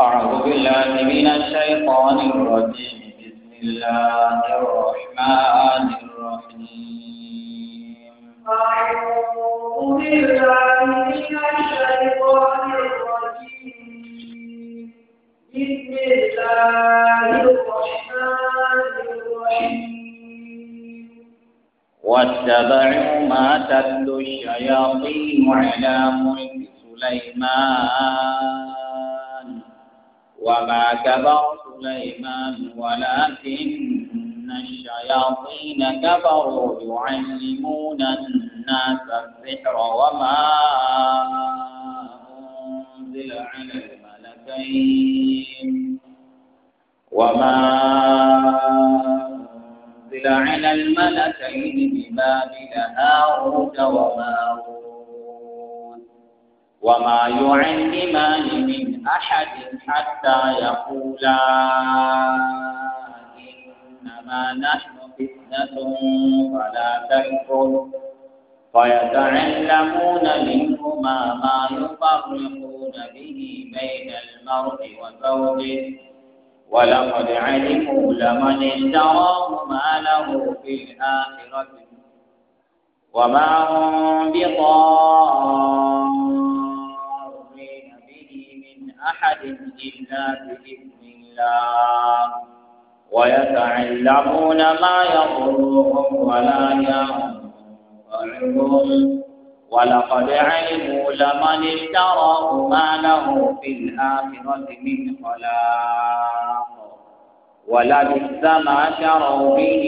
أعوذ بالله من الشيطان الرجيم بسم الله الرحمن الرحيم واتبعوا ما تتلو الشياطين على ملك سليمان وما كبر سليمان ولكن الشياطين كفروا يعلمون الناس السحر وما أنزل على الملكين وما أنزل على الملكين ببابل هاروت وماروت وما يعلمان من أحد حتى يقولا إنما نحن فتنة فلا تكفر فيتعلمون منهما ما يفرقون به بين المرء وزوجه ولقد علموا لمن اشتراه ما له في الآخرة وما هم بضار أحد إلا بإذن الله ويتعلمون ما يضرهم ولا ينفعهم ولقد علموا لمن اشتراه ما له في الآخرة من خلاق ولبئس ما شروا به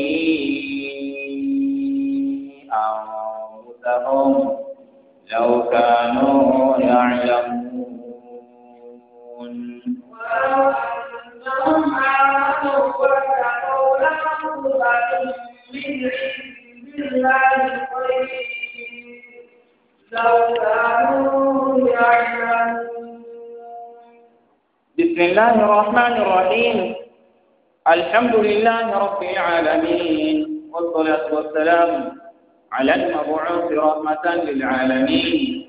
أنفسهم لو كانوا يعلمون بسم الله الرحمن الرحيم الحمد لله رب العالمين والصلاة والسلام على المبعوث رحمة للعالمين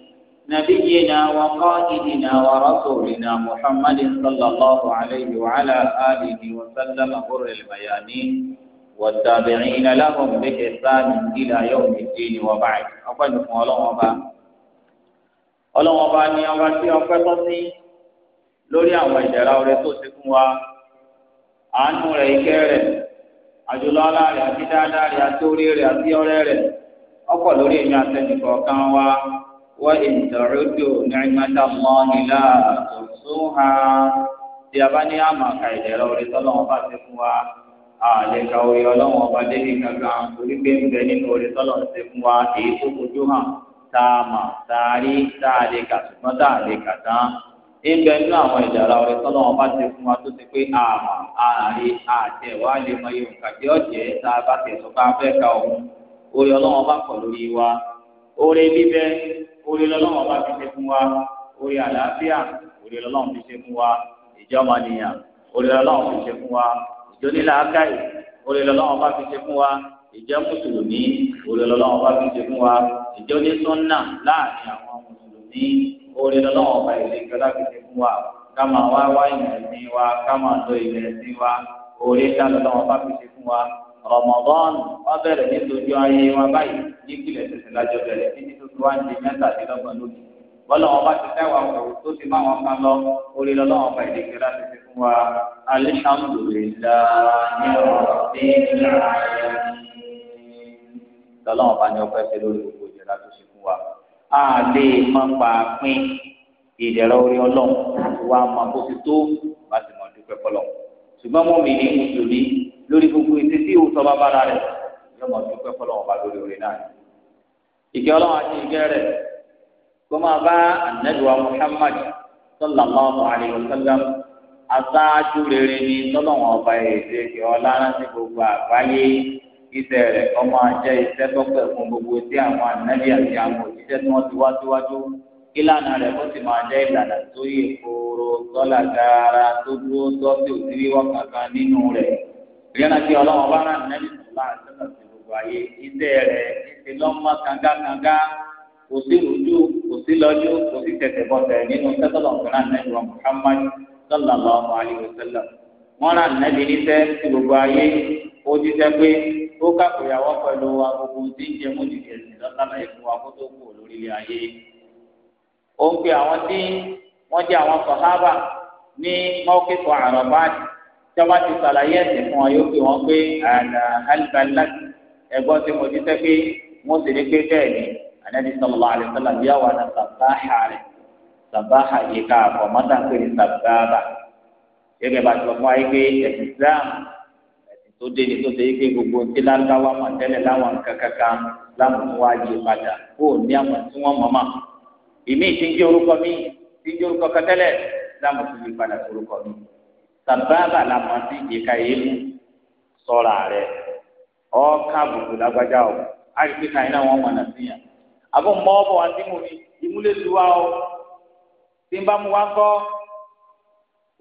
نبينا وقائدنا ورسولنا محمد صلى الله عليه وعلى آله وسلم بر البيانين والتابعين لهم بإحسان إلى يوم الدين وبعد أقول لكم الله أبا الله أبا أني أبا في أفضل lórí àwọn ìdẹ̀ra ọrẹ tó ti fún wa àánú rẹ̀ ìkẹ́ rẹ̀ àjùlọ ọlá وإن تعدوا نعمة الله لا تحصوها tí a bá ní àmà ka ìdẹ̀rọ orí tọ́lọ́wọ́n bá ti fún wa àlè ka orí ọlọ́wọ́n bá dé ní kankan orí pé ń bẹ nínú orí tọ́lọ́wọ́n ti fún wa èyí tó fojú hàn tá a mà tá tá a lè kà ṣùgbọ́n tá a lè kà tán ń bẹ nínú àwọn ìdẹ̀rọ orí tọ́lọ́wọ́n bá ti fún wa tó ti pé àmà àárí àti ẹ̀wá lè mọ iye òǹkà tí tá a bá tẹ̀sọ́ bá fẹ́ ka òun orí ọlọ́wọ́n bá pọ̀ lórí wa orí bíbẹ́ orí lọ́lọ́wọ́ bá fi ṣe fún wa orí àlàáfíà orí lọ́lọ́wọ́ fi ṣe fún wa ìjọ ọmọnìyàn orí lọ́lọ́wọ́ fi ṣe fún wa ìjọ nílà ákáyì orí lọ́lọ́wọ́ bá fi ṣe fún wa ìjọ mùsùlùmí orí lọ́lọ́wọ́ bá fi ṣe fún wa ìjọ onísọ́nà láàrin àwọn mùsùlùmí orí lọ́lọ́wọ́ bá ilé ìjọba fi ṣe fún wa káma wá wá ìrẹsì wa káma lo ìrẹsì wa orí lọ́lọ́wọ́ bá fi ṣe fún wa Ramadan ó bẹ̀rẹ̀ nítorí ayé wa báyìí nípìnlẹ̀ tuntun lájọ bẹ̀rẹ̀ títí tó fi wá ń di mẹ́tàdínlọ́gbọ̀n lónìí bọ́lá wọn bá ti tẹ́wà wò tó ti má wọn kan lọ orí lọ́lọ́ wọn bá ìdí kẹrẹ́ ti fi fún wa alihamudulilayi lọ́lọ́ wọn bá ní ọpẹ́ sí lórí gbogbo ìjẹ́ra tó ṣe fún wa orí ọlọ́run wa máa bó ti tó bá ti mọ̀ dúpẹ́ fọlọ́ ṣùgbọ́n mọ́mí ní mùsùlùmí lórí gbogbo ètè tí bá bára rẹ̀ yóò mọ̀ dúpẹ́ fọlọ́wọ́n bá lórí orin náà. ìkẹ́ ọlọ́run àti ìkẹ́ rẹ̀ kó máa bá ànẹ́dùwà Muhammad sallallahu alayhi wa sallam aṣáájú rere ni tọ́lọ́wọ́n ọba èdè ìkẹ́ ọlá láti gbogbo àgbáyé iṣẹ́ rẹ̀ kọ́ máa jẹ́ iṣẹ́ tọ́pẹ́ fún gbogbo tí àwọn ànẹ́bí àti àwọn òṣìṣẹ́ tí wọ́n ti wá síwájú ìlànà rẹ̀ kó sì máa jẹ́ ìlànà tó yẹ kóró tọ́lá gaara tó dúró tọ́ sí òsì wíwọ́ kankan nínú rẹ̀ ìrìnà tí bá rán nẹ́bí wáyé iṣẹ́ rẹ̀ ṣe lọ́mọ kangakanga kò sí rújú kò sí lọ́jú kò sí tẹ̀tẹ̀ bọ́tẹ̀ nínú sẹ́tọ̀lọ̀ fúnra nẹ́gbà Muhammad sallallahu alayhi wa sallam wọ́n rà nẹ́bi níṣẹ́ sí gbogbo ayé ó jíṣẹ́ pé ó kàkóyàwó pẹ̀lú agogo tí ń jẹ mójúdi ẹ̀sìn lọ́sàlá ìfún wa kó tó kù lórílẹ̀ ayé ó ń pe àwọn tí wọ́n jẹ́ àwọn sọ̀hábà ní mọ́kìkọ̀ àrọ̀bá tí wọ́n bá ti sàlàyé ẹ̀sìn fún wọn yóò pè wọ́n pé àlà alìbàlá ti ẹ̀gbọ́n tí mo ti sẹ pé mo sì ní pé bẹ́ẹ̀ ni anabi sọlọ alẹ sọlọ bíyà wà ní sàbáhà rẹ sàbáhà yìí ká àpò mọta pé ní sàbáhà gẹ́gẹ́ bá ti sọ fún ayé pé ẹsìn islam ẹsìn tó dé ni tó ṣe é pé gbogbo tí lárúbáwá mọ tẹ́lẹ̀ láwọn kankankan láwọn tó wá yí padà kó o ní àwọn tí wọn mọ mọ ìmí ti ń jẹ orúkọ mi ti ń jẹ orúkọ kan láwọn tó yí padà orúkọ mi sàbáhà làwọn ti yí ká yé mú sọ́ra ọ̀ọ́ká àbùkù lágbájá o àìsí kàyín náà wọ́n mọ̀nà sí yàn. àbọ̀ mọ́ ọ̀bọ̀ wa ti mú mi ìmúlẹ̀ tu wa o tí n bá mu wá kọ́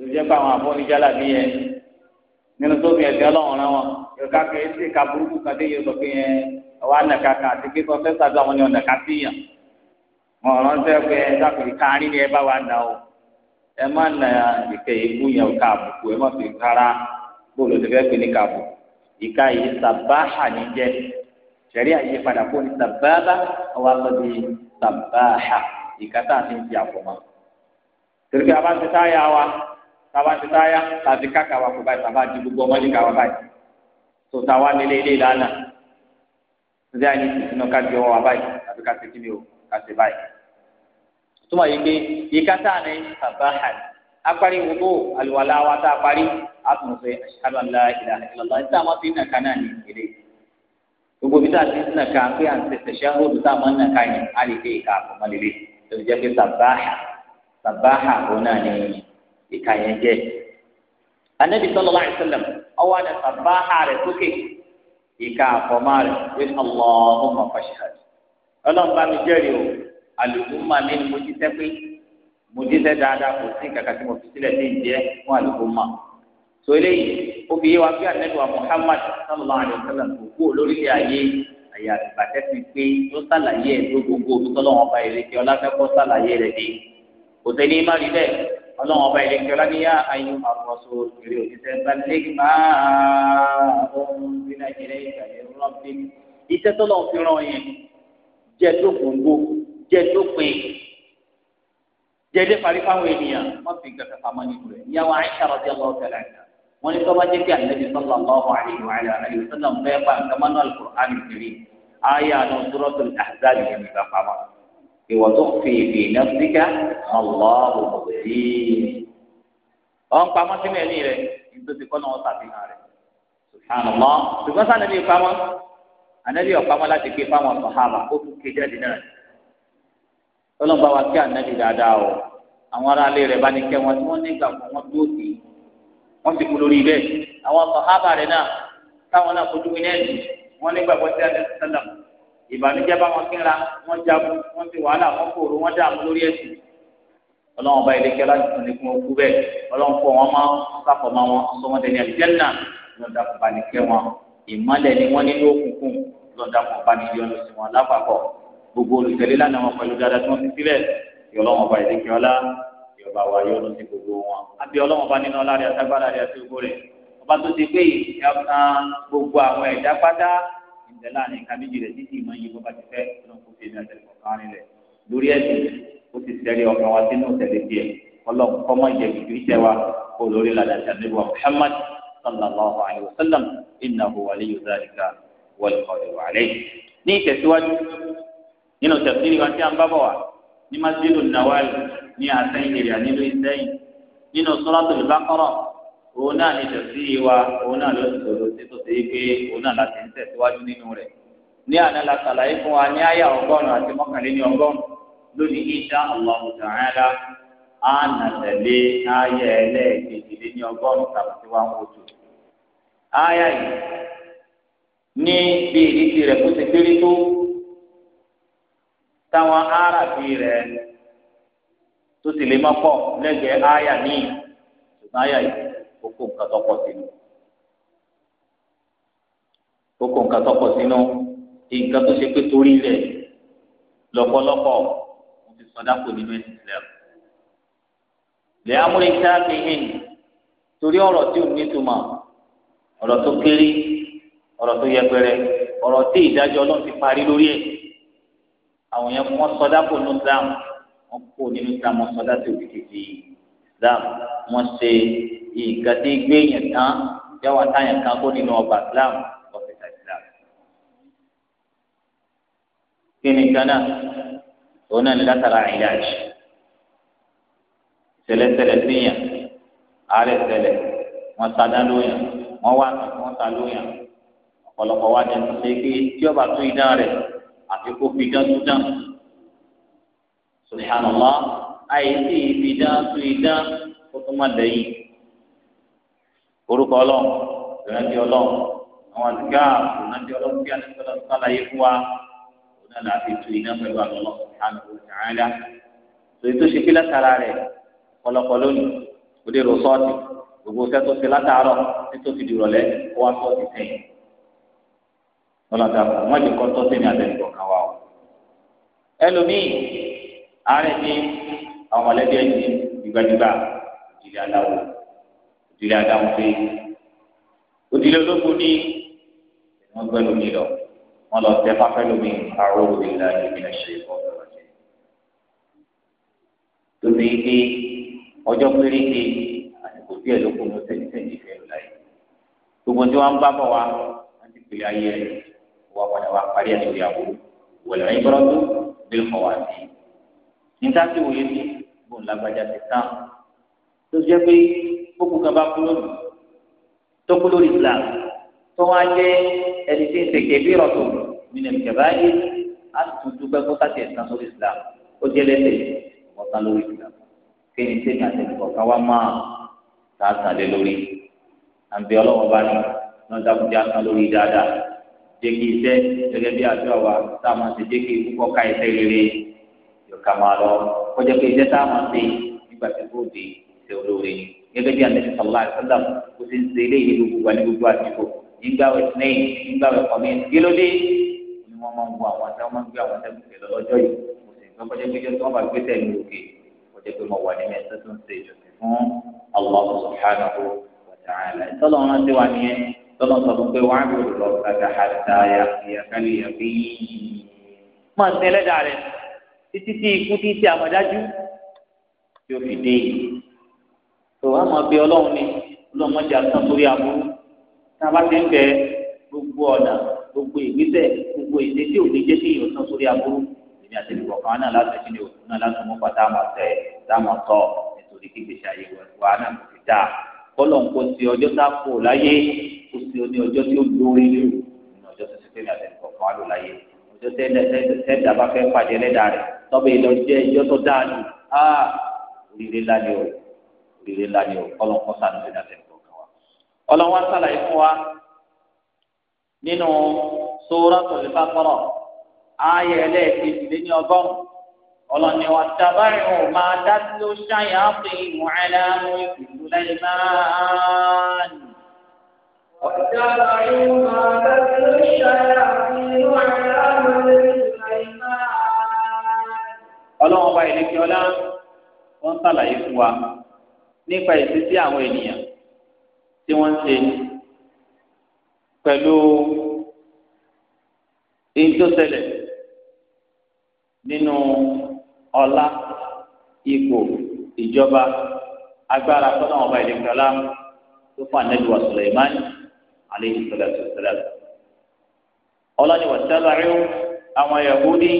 lójẹ́ pé àwọn àfọ́nijálà bí yẹn nínú tó fi ẹ̀sìn ọlọ́run rán wọn yorùbá kẹ ẹ ṣe ka burúkú kan dé yorùbá pé yẹn ọwọ́ ànàká kan àti pé kọ́ńtẹ́sà bí àwọn ni ọ̀nàká sí yàn wọn rántẹ́ pé ẹ dákùnrin kárí ni ẹ bá wa nà o ẹ má nà ìkẹyìn fún yẹn ká àbùkù ẹ má fi rárá bóòlù ti fẹ́ ní ká àbùkù ìka yìí sàbáhà ní jẹ́ sẹ̀rí àyè padà kó ní sàbáhà ọwọ́ àtọ́jú sàbáhà ìka tá a ti ń fi àfọ̀mọ́. torí pé a bá ti táyà wa tá a bá ti táyà tá a ti káka wa kó báyìí tá a bá di gbogbo ọmọdé ká wa báyìí tó ta wá ilé ìlànà ṣé àyè ìsinú ká wa báyìí tàbí ká o ká báyìí. túmọ̀ yìí pé ìka tá a ní sàbáhà ní apari wudu àlùwàlá wa tá a parí a tún fẹ́ ashhadu an la ilaha illallah ní táwọn ti ń nàka náà ní ìdílé gbogbo bí táwọn ti ń nàka pé à ń tẹsẹ̀ ṣáhóòdù táwọn ń nàka yẹn á lè dé ìka àkọ́mọ́lélẹ̀ tó ti jẹ́ pé sàbáhà sàbáhà kò náà ní ìka yẹn jẹ́ anabi sallallahu alaihi wasallam ọwọ́ àti sàbáhà rẹ̀ sókè ìka àkọ́mọ́ rẹ̀ pé allahumma mi jẹ́rìí o àlùkùn máa mi ni mo ti tẹ́ pé mo dísẹ́ dáadáa kò sí kàkà tí mo fi sílẹ̀ ní ìjẹ́ fún àlùkò mọ́ so eléyìí ó fi wa pé àlẹ́ wa Muhammad sallallahu alayhi wa sallam kò kú olórílẹ̀ ayé àyà àtìbàtẹ́ ti pé ló sàlàyé ẹ̀ tó gbogbo omi tọ́lọ́wọ́n ọba ìrèké ọláfẹ́kọ́ sàlàyé rẹ̀ dé kò sí ní má rí bẹ́ẹ̀ ọlọ́wọ́n ọba ìrèké ọláníyá ayé àkọsọ èrè òṣìṣẹ́ balẹ̀ máa ohun bí nàìjíríà ìgbàlẹ̀ rọ́ọ̀bì iṣẹ́ tọ́lọ́wọ́n fi ràn yẹn jẹ́ tó gbòǹgbò jẹ́ tó pin jẹjẹ parí fáwọn ènìyàn wọn fi nǹkan kẹfà mọ nínú rẹ ìyàwó Aisha radiyallahu ta'ala anha wọn ní tọ́ba jẹ́ kí Ànábì sallallahu alaihi wa alihi wa sallam bẹ́ẹ̀ bá nǹkan mọ́nà al-Qur'an al-Karim ayé àná Suratul Ahzab yẹn ní ìgbà pamọ́ ìwọ tó fi fi nafsika Allahu mubdi ọ̀n pamọ́ sínú ẹ̀mí rẹ nítorí kọ́ náà sàfihàn rẹ subhanallah ṣùgbọ́n sànàbí pamọ́ Ànábì ọ̀pamọ́ láti ọlọ́mọba wa kí ànábì dáadáa o àwọn aráalé rẹ̀ bá ní kẹ́ wọn tí wọ́n ní ìgbà fún wọn dúró sí wọ́n ti kú lórí bẹ́ẹ̀ àwọn sàhábà rẹ̀ náà táwọn náà fojú winá ẹ̀sìn wọ́n ní gbàgbọ́ sí àdéhùn sálàm ìbànújẹ́ bá wọn kínra wọ́n jagun wọ́n ti wàhálà wọ́n kòrò wọ́n dààmú lórí ẹ̀sìn ọlọ́wọ́n bá iléeṣẹ́ láti tún ní kí wọ́n kú bẹ́ẹ̀ ọlọ́wọ́n fọ wọn máa sáfọ̀ gbogbo olùtẹ̀lé lánàá wọn pẹ̀lú dáadáa tí wọ́n ti sílẹ̀ kí ọlọ́wọ́n ọba ìdíkì ọlá kí ọba wa yọ lọ́sí gbogbo wọn. àbí ọlọ́wọ́n ọba nínú ọlá rẹ̀ àtàgbára rẹ̀ àti gbogbo rẹ̀ ọba tó ti pé ìyàtàn gbogbo àwọn ẹ̀dá pátá ìjẹ́ láàrin nǹkan méjì rẹ̀ títí ìmọ̀ yìí bọ́ba ti fẹ́ lórí ẹ̀sìn ó ti tẹ̀lé ọkàn ọlọ́run kó lórí ládàjà níbi Muhammad sallallahu alayhi wa sallam innahu waliyyu dhalika wal qadiru ní ìtẹ̀síwájú nínú tẹ̀síìrì wa tí a ń bá bọ̀ wá ní masjidu nawal ní àtẹ̀yìn èrè nílùú ìsẹ́yìn nínú suratul baqara òun náà ní tẹ̀síìrì wa òun náà ló ti sọ̀rọ̀ sí tó ṣe é pé òun náà láti ń tẹ̀síwájú nínú rẹ̀ ní àná la sàlàyé fún wa ní àyà ọgọ́rùn-ún àti mọ́kànléní ọgọ́rùn-ún lónìí insha Allahu ta'ala á nà tẹ̀lé àyà ẹlẹ́ẹ̀kejìléní ọgọ́rùn ní táwọn árabi rẹ tó sì lè má pọ̀ lẹ́gbẹ̀ẹ́ áyà míì ṣùgbọ́n áyà yìí kókó nǹkan tó pọ̀ sínú kókó nǹkan tó pọ̀ sínú nǹkan tó ṣe pé torí rẹ̀ lọ́pọ̀lọpọ̀ mo ti sọdá kò nínú ẹsìn Islam lè amúlé sáàkì hìn torí ọ̀rọ̀ tí ò ní túmọ̀ ọ̀rọ̀ tó kéré ọ̀rọ̀ tó yẹpẹrẹ ọ̀rọ̀ tí ìdájọ́ Ọlọ́run ti parí lórí ẹ̀ àwọn yẹn kó wọn sọdá kó nínú islam wọn kó nínú islam wọn sọdá tó fi kìkì islam wọn ṣe nǹkan tí gbé yẹn tán yàwá táyà kan kó nínú ọba islam ọ̀fẹ́ta islam. kí ni gánà òun náà ní látara ìyáàjì ṣẹlẹ̀ṣẹlẹ̀ síyàn àárẹ̀ ṣẹlẹ̀ wọn sadá lóyàn wọn wá wọn ta lóyàn ọ̀pọ̀lọpọ̀ wá dẹnu ṣe pé tí ọba tún iná rẹ̀ àfi kó fi dájú dáhùn subhanallah àìsí ibi dáhùn ìdá kó tó má lẹ́yìn orúkọ ọlọ́run ìrántí ọlọ́run àwọn àdìgá ìrántí ọlọ́run bí àtìkọ́lọ́ sálàyé fún wa òun náà láti tu iná pẹ̀lú àlọ́lọ́ subhanahu wa ta'ala lórí tó ṣe pé látara rẹ̀ kọlọkọ lónìí ó dé rò sọ́ọ̀tì gbogbo sẹ́tọ́ sí látàárọ̀ títí ó fi dìrọ̀lẹ́ wá sọ́ọ̀tì sẹ́yìn ọlọ́dà wọ́n ti kọ́ tọ́sí ní abẹ́rẹ́ kọ̀ọ̀kan wa o. ẹlòmíì ààrẹ ní àwọn mọ̀lẹ́bí ẹni dìgbàdìgbà òdìlẹ̀ aláwọ̀ òdìlẹ̀ adáwọ̀ pé òdìlẹ̀ ológun ní wọ́n gbẹ́ lómi lọ wọ́n lọ tẹ fáfẹ́ lómi àrùn òdìlẹ̀ ìbílẹ̀ ṣe ìbọn lọ́wọ́ jẹ. lóbi pé ọjọ́ péréke àsìkò díẹ̀ ló kún ní ìfẹ́ lọ́la yìí gbogbo tí wọ́n ń bá bọ̀ wá wọ́n pè ayé rẹ̀ wọ́n padà wá parí ẹ̀ lórí àbúrò wọ̀lẹ̀ ẹ̀yìn bọ́rọ̀ tó bí kọ̀ wá sí i. níta tí wòye sí bóun lágbájá ti tán tó jẹ́ pé kókó kan bá kú lónìí tó lórí Islam tó wá jẹ́ ẹni tí ń tẹ̀kẹ́ bí rọ̀tò nínú ìjọba yìí á tún dúpẹ́ kó sáti ẹ̀sán lórí Islam ó jẹ́ lẹ́sẹ̀ ọ̀tá lórí Islam kéde sẹ́yìn àtẹnukọ̀ káwá máa tà á lórí àǹbẹ̀ ọlọ́wọ́ bá ní lọ́dàkùnjá sàn lórí dáadáa jẹ́kí iṣẹ́ gẹ́gẹ́ bí àdúrà wa tá a máa ṣe jẹ́kí púpọ̀ ká iṣẹ́ rere yọ̀ọ̀ká máa lọ kọjá pé iṣẹ́ tá a máa ṣe nígbà tí kò dé iṣẹ́ olóore gẹ́gẹ́ bí àdéhùn sọ̀lá àṣọ́dà kò sí ṣe eléyìí ní gbogbo àti gbogbo àdìgbò nígbà wẹ̀ sinẹ́yìn nígbà wẹ̀ kọ́mí kílódé ni wọ́n máa ń wo àwọn àtàwọn máa ń gbé àwọn àtàkùnkè lọ lọ́jọ́ yìí kọjá pé jọ́sọ́ wọn bá gbé sẹ́yìn lókè kọjá pé mo wà nínú ẹ̀sẹ̀ tó ń ṣe ìjọsìn fún Allah subhanahu wa ta'ala ìtọ́lọ́run ti wà nìyẹn tọ́lọ́ sọ fún pé wà á gbèrò lọ kàdà àdá ìyàkálì yàgbé yìí. máa sin ẹlẹ́dàá rẹ̀ títí tí ikú tí ti àmọ̀dájú yóò fi dé yìí. tó a máa bẹ ọlọ́run ni ọlọ́run mọ́jà sán sórí aburú tá a bá ti ń bẹ gbogbo ọ̀nà gbogbo ìgbésẹ̀ gbogbo èdè tí ò ní jẹ́ kí èèyàn sán sórí aburú èmi àti ìbùkọ̀ kan náà láti ṣe ní òkú náà láti mú pátá mọ̀ tẹ́ tá tọ́ nítorí kí gbèsè àyè wà náà kò fi dáa kọ́lọ̀ ń kó ti ọjọ́ tá a kò láyé ó sì ní ọjọ́ tí ó lórí lò ní ọjọ́ tó ti pé nàlẹ́ kọ̀ọ̀kan á lò láyé ọjọ́ tẹ́ẹ̀dá bá fẹ́ pàdé ẹlẹ́dàá rẹ̀ tọ́bẹ̀ ìlọ jẹ́ ẹjọ́ tó dáa jù á ah! oríire ńlá ni o oríire ńlá ni o ọlọ́nkọ́ sànù sí nàlẹ́ kọ̀ọ̀kan wa. ọlọ́wọ́ sàlàyé fún wa nínú Suratul Baqara ayé ẹlẹ́ẹ̀kejì lé ní ọgọ́rùn-ún ọlọ́ni wa tabaru máa dá sí ó ṣàyà pé ìmọ̀ ẹ̀dá ló ìkùnkùn lẹ́yìn máa ń واتبعوا ما تتلو الشياطين على ملك سليمان ọlọ́run ọba ìlẹ́kẹ́ ọlá wọ́n ṣàlàyé fún wa nípa ìṣesí àwọn ènìyàn tí wọ́n ń ṣe pẹ̀lú èyí nínú ọlá ipò ìjọba agbára tọ́lọ́run ọba ìlẹ́kẹ́ ọlá tó fún ànẹ́lùwà Sùlẹ̀mánì alayhi salatu wasalam ọlọ́ni wọ́n sábàáyó àwọn yahudi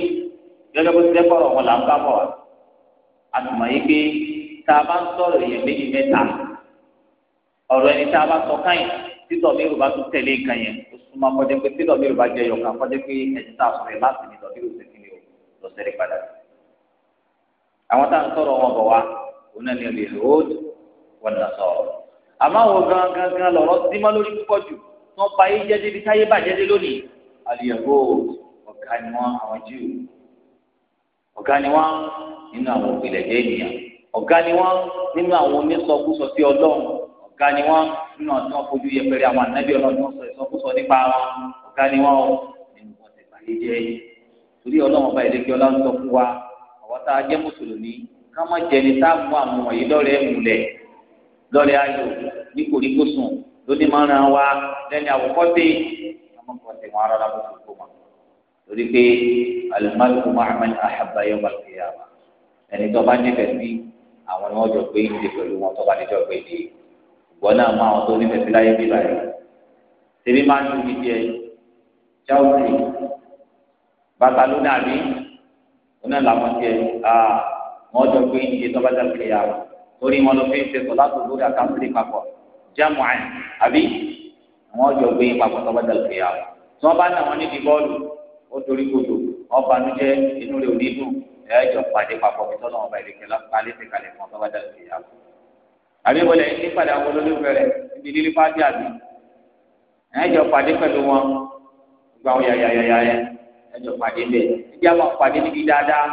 gẹ́gẹ́ bó ti dẹ́kọ̀rọ̀ wọn là ń bá bọ̀ wá àtùmọ̀ yìí pé tá a bá ń sọ̀rọ̀ èèyàn méjì mẹ́ta ọ̀rọ̀ ẹni tá a bá sọ káyìn títọ̀ mi ò bá tún tẹ̀lé nǹkan yẹn ó súnmọ́ kọjá pé títọ̀ mi ò bá jẹ́ yọ̀ọ̀kan kọjá pé ẹ̀jẹ̀ tá a sọ̀rọ̀ yẹn láti ní tọ̀bí òsè kí ni o lọ sẹ́rí padà. àwọn tá à ń sọ̀rọ̀ wọn bọ̀ wá òun náà ni olè lòód wọn nà sọ̀rọ̀ àmọ́ àwọn gangan gan lọ̀rọ̀ símọ́ lórí púpọ̀ jù wọ́n ba ayé jẹ́ débi táyé bàjẹ́ dé lónìí àlùyẹ̀wò ọ̀gá ni wọ́n àwọn Júù ọ̀gá ni wọ́n nínú àwọn òpìlẹ̀ jẹ́ ènìyàn ọ̀gá ni wọ́n nínú àwọn onísọkúsọ sí ọlọ́run ọ̀gá ni wọ́n nínú àwọn tí wọ́n fojú yẹpẹrẹ àwọn ànábì ọlọ́run tí wọ́n sọ nípa ọ̀gá ni wọ́n nínú wọn ti wa àwọn tá a jẹ́ mùsùlùmí ní kòríkòsùn lóní máa ràn wá lẹ́ni àwòkọ́tì àmọ́ kò tẹ̀ wọ́n rárá lóṣù tó ma torí pé alimami kò máa mẹ́ni àhàbáyé wà lóye àmà ẹni tó bá nífẹ̀ẹ́ sí àwọn ni wọ́n jọ pé ìdè pẹ̀lú wọn tó bá níjọ́ pé ìdè ìgbọ́n náà máa wọn tó nífẹ̀ẹ́ sí láyé bíbá yìí tèmi máa ń ju ibi ẹ jáwé Barcelona bí wọn náà làwọn tiẹ̀ wọn jọ pé ìdè tó bá dàgbé yà torí wọn lọ fi ń ṣe kọ látòkòrò àkàtúndì jámù Abi, àbí àwọn ọjọ́ gbé yín papọ̀ tọ́ba dàlù kìyà tí wọ́n bá ní àwọn níbi bọ́ọ̀lù ó torí kodò ọbànújẹ́ inú rẹ̀ ò ní dùn ẹ̀ẹ́dọ̀ pàdé papọ̀ bí tọ́lọ́wọ́n bá ìrèké lálẹ́ ti kalẹ̀ fún tọ́ba dàlù kìyà. àbí wọlé ní padà àwọn olólùfẹ́ rẹ̀ níbi lílí fáti àbí ẹ̀ẹ́dọ̀ pàdé pẹ̀lú wọn gba àwọn yàyàyàyà yẹn ẹ̀ẹ́dọ̀ pàdé bẹ́ẹ̀ ẹ̀dí àwọn pàdé níbi dáadáa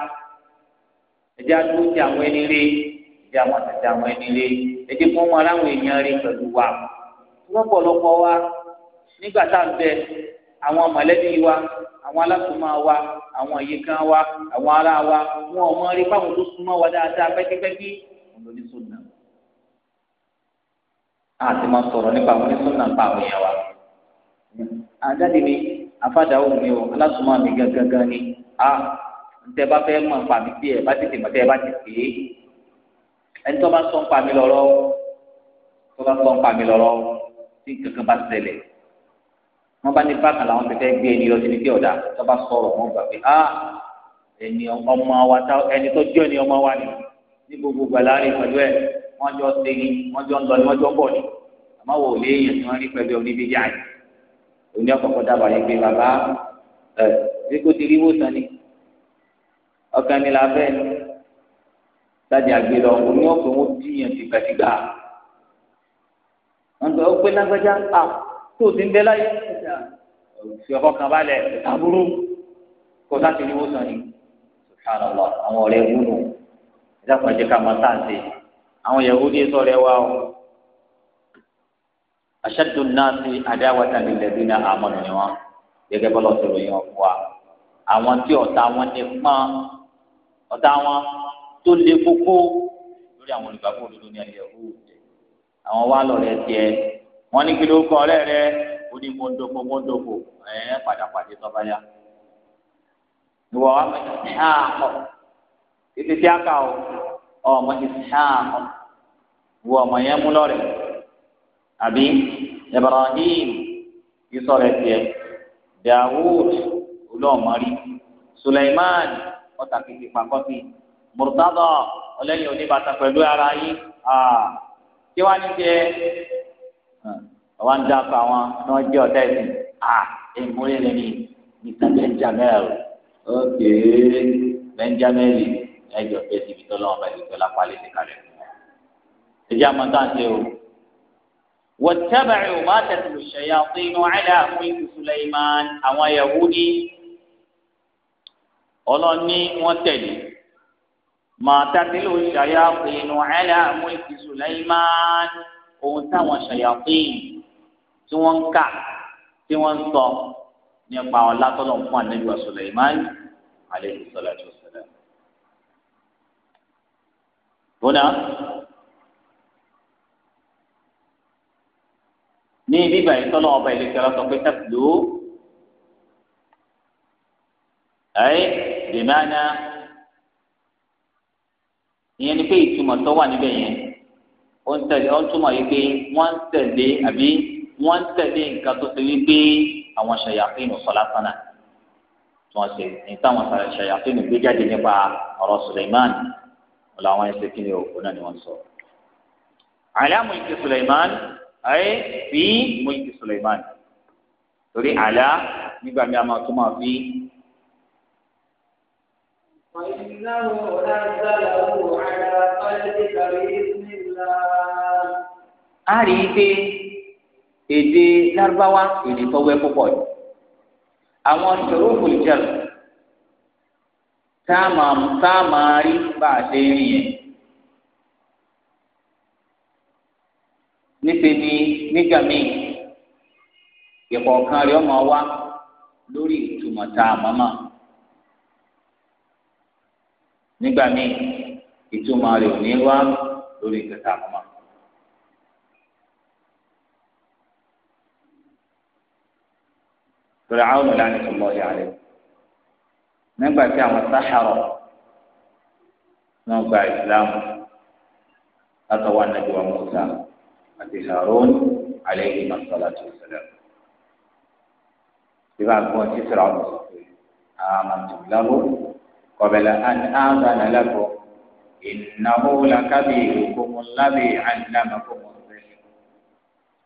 ẹ̀dí àdúgbò ti àwọn ẹni èdè kan wọn aláwọn èèyàn rí pẹ̀lú wa lọ́pọ̀lọpọ̀ wa nígbà tá à ń bẹ àwọn mọ̀lẹ́bí wa àwọn alásùnmọ́ wa àwọn àyíká wa àwọn ará wa wọn ò mọ rí fáwọn tó súnmọ́ wa dáadáa pẹ́kípẹ́kí wọn ló ní sùnnà. a ti máa sọ̀rọ̀ nípa àwọn onísùnnà pa àwọn èèyàn wa. àjáde mi afádáwò mi o alásùnmọ́ mi gangan ni a ntẹ bá fẹ́ mọ̀ nípa mi bí ẹ bá tètè mọ̀ tẹ́ ẹ bá tètè é ẹni tó bá sọ ń pa mi lọ́rọ́ tó bá sọ ń pa mi lọ́rọ́ tí kankan bá ṣẹlẹ̀ wọ́n bá ní bákan làwọn ti fẹ́ gbé ẹni lọ síbi tí ọ̀dà tó bá sọ̀rọ̀ wọ́n gbà pé a ẹni ọmọ wa ta ẹni tó jọ ẹni ọmọ wa ni ní gbogbo gbàlá rè pẹ̀lú ẹ̀ wọ́n jọ ṣe ni wọ́n jọ ń lọ ni wọ́n jọ bọ̀ ni àmọ́ wò lé èèyàn tí wọ́n rí pẹ̀lú ẹ̀ oníbi yá yìí òní ọ̀kọ̀ọ̀kọ̀ dábàá yìí pé bàbá ẹ̀ ṣé kó ti rí wòsàn ni ọkàn ni làbẹ́ ni sáàdì àgbélọ òun ni ọ̀pẹ̀ wọn díyàn tìgbàtìgbà wọn tọ́ pé lágbájá à tó o ti ń bẹ láyé fi ọkọ kan balẹ̀ àbúrò kó o sáàtì ní wọ́n sàn yìí subhanallah àwọn ọ̀rẹ́ wúlò ìdákan jẹ́ ká máa tà sí àwọn Yahudi sọ̀rọ̀ wa o aṣáájú náà ti adáwàtà nílẹ̀ bí náà àmọ́ ni wọn gẹ́gẹ́ bọ́lá ọ̀sẹ̀ ròyìn ọ̀fọ̀ àwọn tí ọ̀tá wọn ní pọ́n ọ̀tá wọn tó le koko lórí àwọn olùgbàgbọ́ òdodo ní ayé ẹ̀hó àwọn wa lọ rẹ tiẹ wọn ní kí ló kọ ọ̀rẹ́ rẹ ó ní mọdòkó mọdòkó ẹ padà pàdé tọba ya ìwọ wa mọ ìsìláàmù títí tí a kà ó ọmọ ìsìláàmù ìwọ ọmọ yẹn mú lọrẹ àbí Ibrahim yíṣọ rẹ tiẹ Dawud olóòmọrí Suleiman ọtàkìtì pàkọ́tì mùrùtádọ ọlẹyìn oníbàtà pẹ̀lú ara yín kí wàá ní tiẹ̀ àwọn ń dáko àwọn tí wọn jẹ ọ̀tá ẹsìn à èmúrè rẹ ni mr benjamin ok benjamin ẹjọ pé síbi tó lọ́wọ́ báyìí pé lápá ti kalẹ̀ ẹjẹ àmọ́tá ṣe o. واتبعوا ما تتلو الشياطين على ملك سليمان àwọn يهودي ọlọ́ni wọ́n tẹ̀lé ما تتلو الشياطين على ملك سليمان ohun táwọn ṣàyàpín tí wọ́n ń kà tí wọ́n ń sọ nípa ọlá tọdọ fún anabi wa Sulaiman alayhi salatu wa salam. ní ibi ìbàyí tọ́lọ́ ọba ìlẹ́kẹ́ lọ́sọ pé tẹ́tù ló dèmánà ìyẹn ni pé ìtumọ̀ tó wà níbẹ̀ yẹn ó ń tẹ̀lé ó ń túmọ̀ yìí pé wọ́n ń tẹ̀lé àbí wọ́n ń tẹ̀lé nǹkan tó ṣe wípé àwọn ṣàyàfínù sọlá sánà tí wọ́n ṣe ní táwọn ṣàyàfínù gbé jáde nípa ọ̀rọ̀ Suleiman làwọn ẹsẹ̀ kí ni òkú náà ni wọ́n sọ. àlá mulki Suleiman ayé fi mulki Suleiman torí àlá nígbà mi a máa tún máa fi. وإنه نزله a rí i pé èdè lárúbáwá èdè tọ́wẹ́ púpọ̀ yìí àwọn ìṣòro kò jẹrù tá a máa rí bá a ṣe rí yẹn. níṣẹ́ ni nígbà míì ìkọ̀ọ̀kan rẹ̀ ọmọ wa lórí ìtumọ̀ tá a mọ̀ mọ̀ nígbà míì ìtumọ̀ rẹ̀ ò ní wá lórí ìkẹta àkọ́mọ́. tọ́lá àwọn ọ̀la ni sọ̀rọ̀ ọ̀yà rẹ̀ nígbà tí àwọn sáhàrọ̀ náà gba ìsìlámù látọwọ́ anájú wa Mùsá àti Harun alayhi masalatu salam. Ibà gbọ́n tí sọ̀rọ̀ àwọn àmàtúndínláwó kọ̀bẹ̀lẹ̀ àti àgbà nàlẹ́kọ̀ọ́. إنه لكبيركم الذي علمكم السحر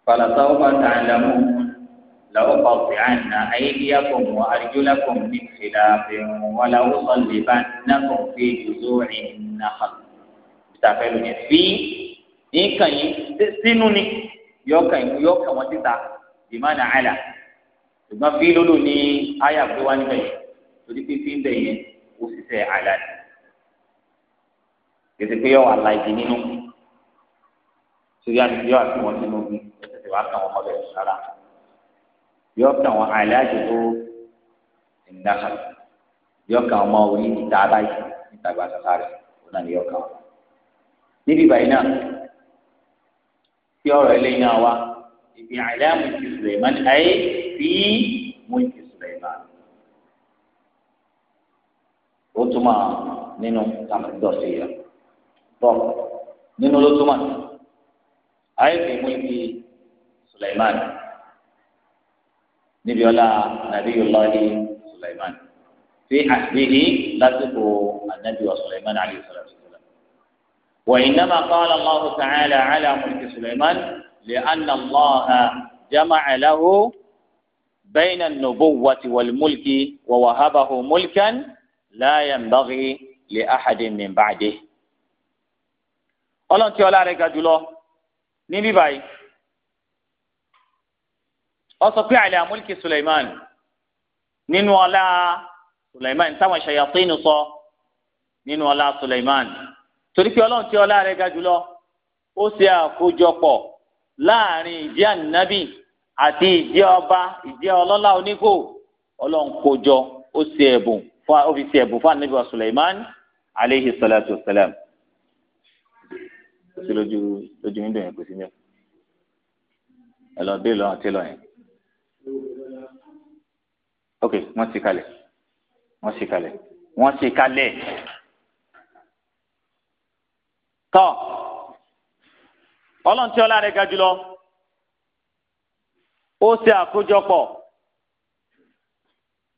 فلسوف تعلمون لأقطعن أيديكم وأرجلكم من خلاف ولأصلبنكم في جذوع النخل تفعلون في إن كان سنوني يوكا يوكا وتتا بمعنى على ṣùgbọ́n fi lólo ní àyà pé wá níbẹ̀ yẹn torí pé fi ń bẹ̀ kìtì pé yọ̀wọ̀ àlà ìdí nínú síríà yọ̀ àti wọn sínú bí ẹ̀sẹ̀ wàá kàn wọ́n ọbẹ̀ rárá yọ̀ kàn wọ́n àlẹ́ àjòkó ìdáhà yọ̀ kàn wọ́n ọmọ orí ìta abáyé níta gba sàkà rẹ̀ wọn náà yọ̀ kàn wọ́n. níbi ìbàyìí náà tí ọ̀rọ̀ ẹlẹ́yìn náà wá ibi àlẹ́ àmùtí sùlẹ̀mán ayé fi mùtí sùlẹ̀mán. ó túmọ̀ nínú tàbí dọ̀sí yẹn. tọ nínú ló túmọ̀ ayé fi mú ibi Sulaiman níbi ọlá ní Sulaiman fi àṣìbíhi lásìkò ànábì wa Sulaiman alayhi salatu wa salam wa innama qala Allahu ta'ala ala mulki Sulaiman li anna Allaha jama'a lahu بين النبوة والملك ووهبه ملكا لا ينبغي لأحد من بعده ọlọ́run tí ọlá rẹ̀ ga jùlọ níbí báyìí ó sọ pé àlẹ́ àmúlìkì Suleiman nínú ọlá Suleiman táwọn ṣayàtínú sọ nínú ọlá Suleiman torí pé ọlọ́run tí ọlá rẹ̀ ga jùlọ ó ṣe àkójọpọ̀ láàrin ìjẹ́ ànábì àti ìjẹ́ ọba ìjẹ́ ọlọ́lá onígò ọlọ́run kójọ ó ṣe ẹ̀bùn ó fi ẹ̀bùn fún ànábì wa Suleiman aleyhi salatu wa salam sí lójú lójú wíńdò yẹn kò sí mẹ́kù ẹ lọ dé lọ́wọ́ àti lọ́yẹn ok wọ́n ti kalẹ̀ wọ́n ti kalẹ̀ wọ́n ti kalẹ̀ tọ́ ọlọ́run tí ọlá rẹ̀ ga jùlọ ó ṣe àkójọpọ̀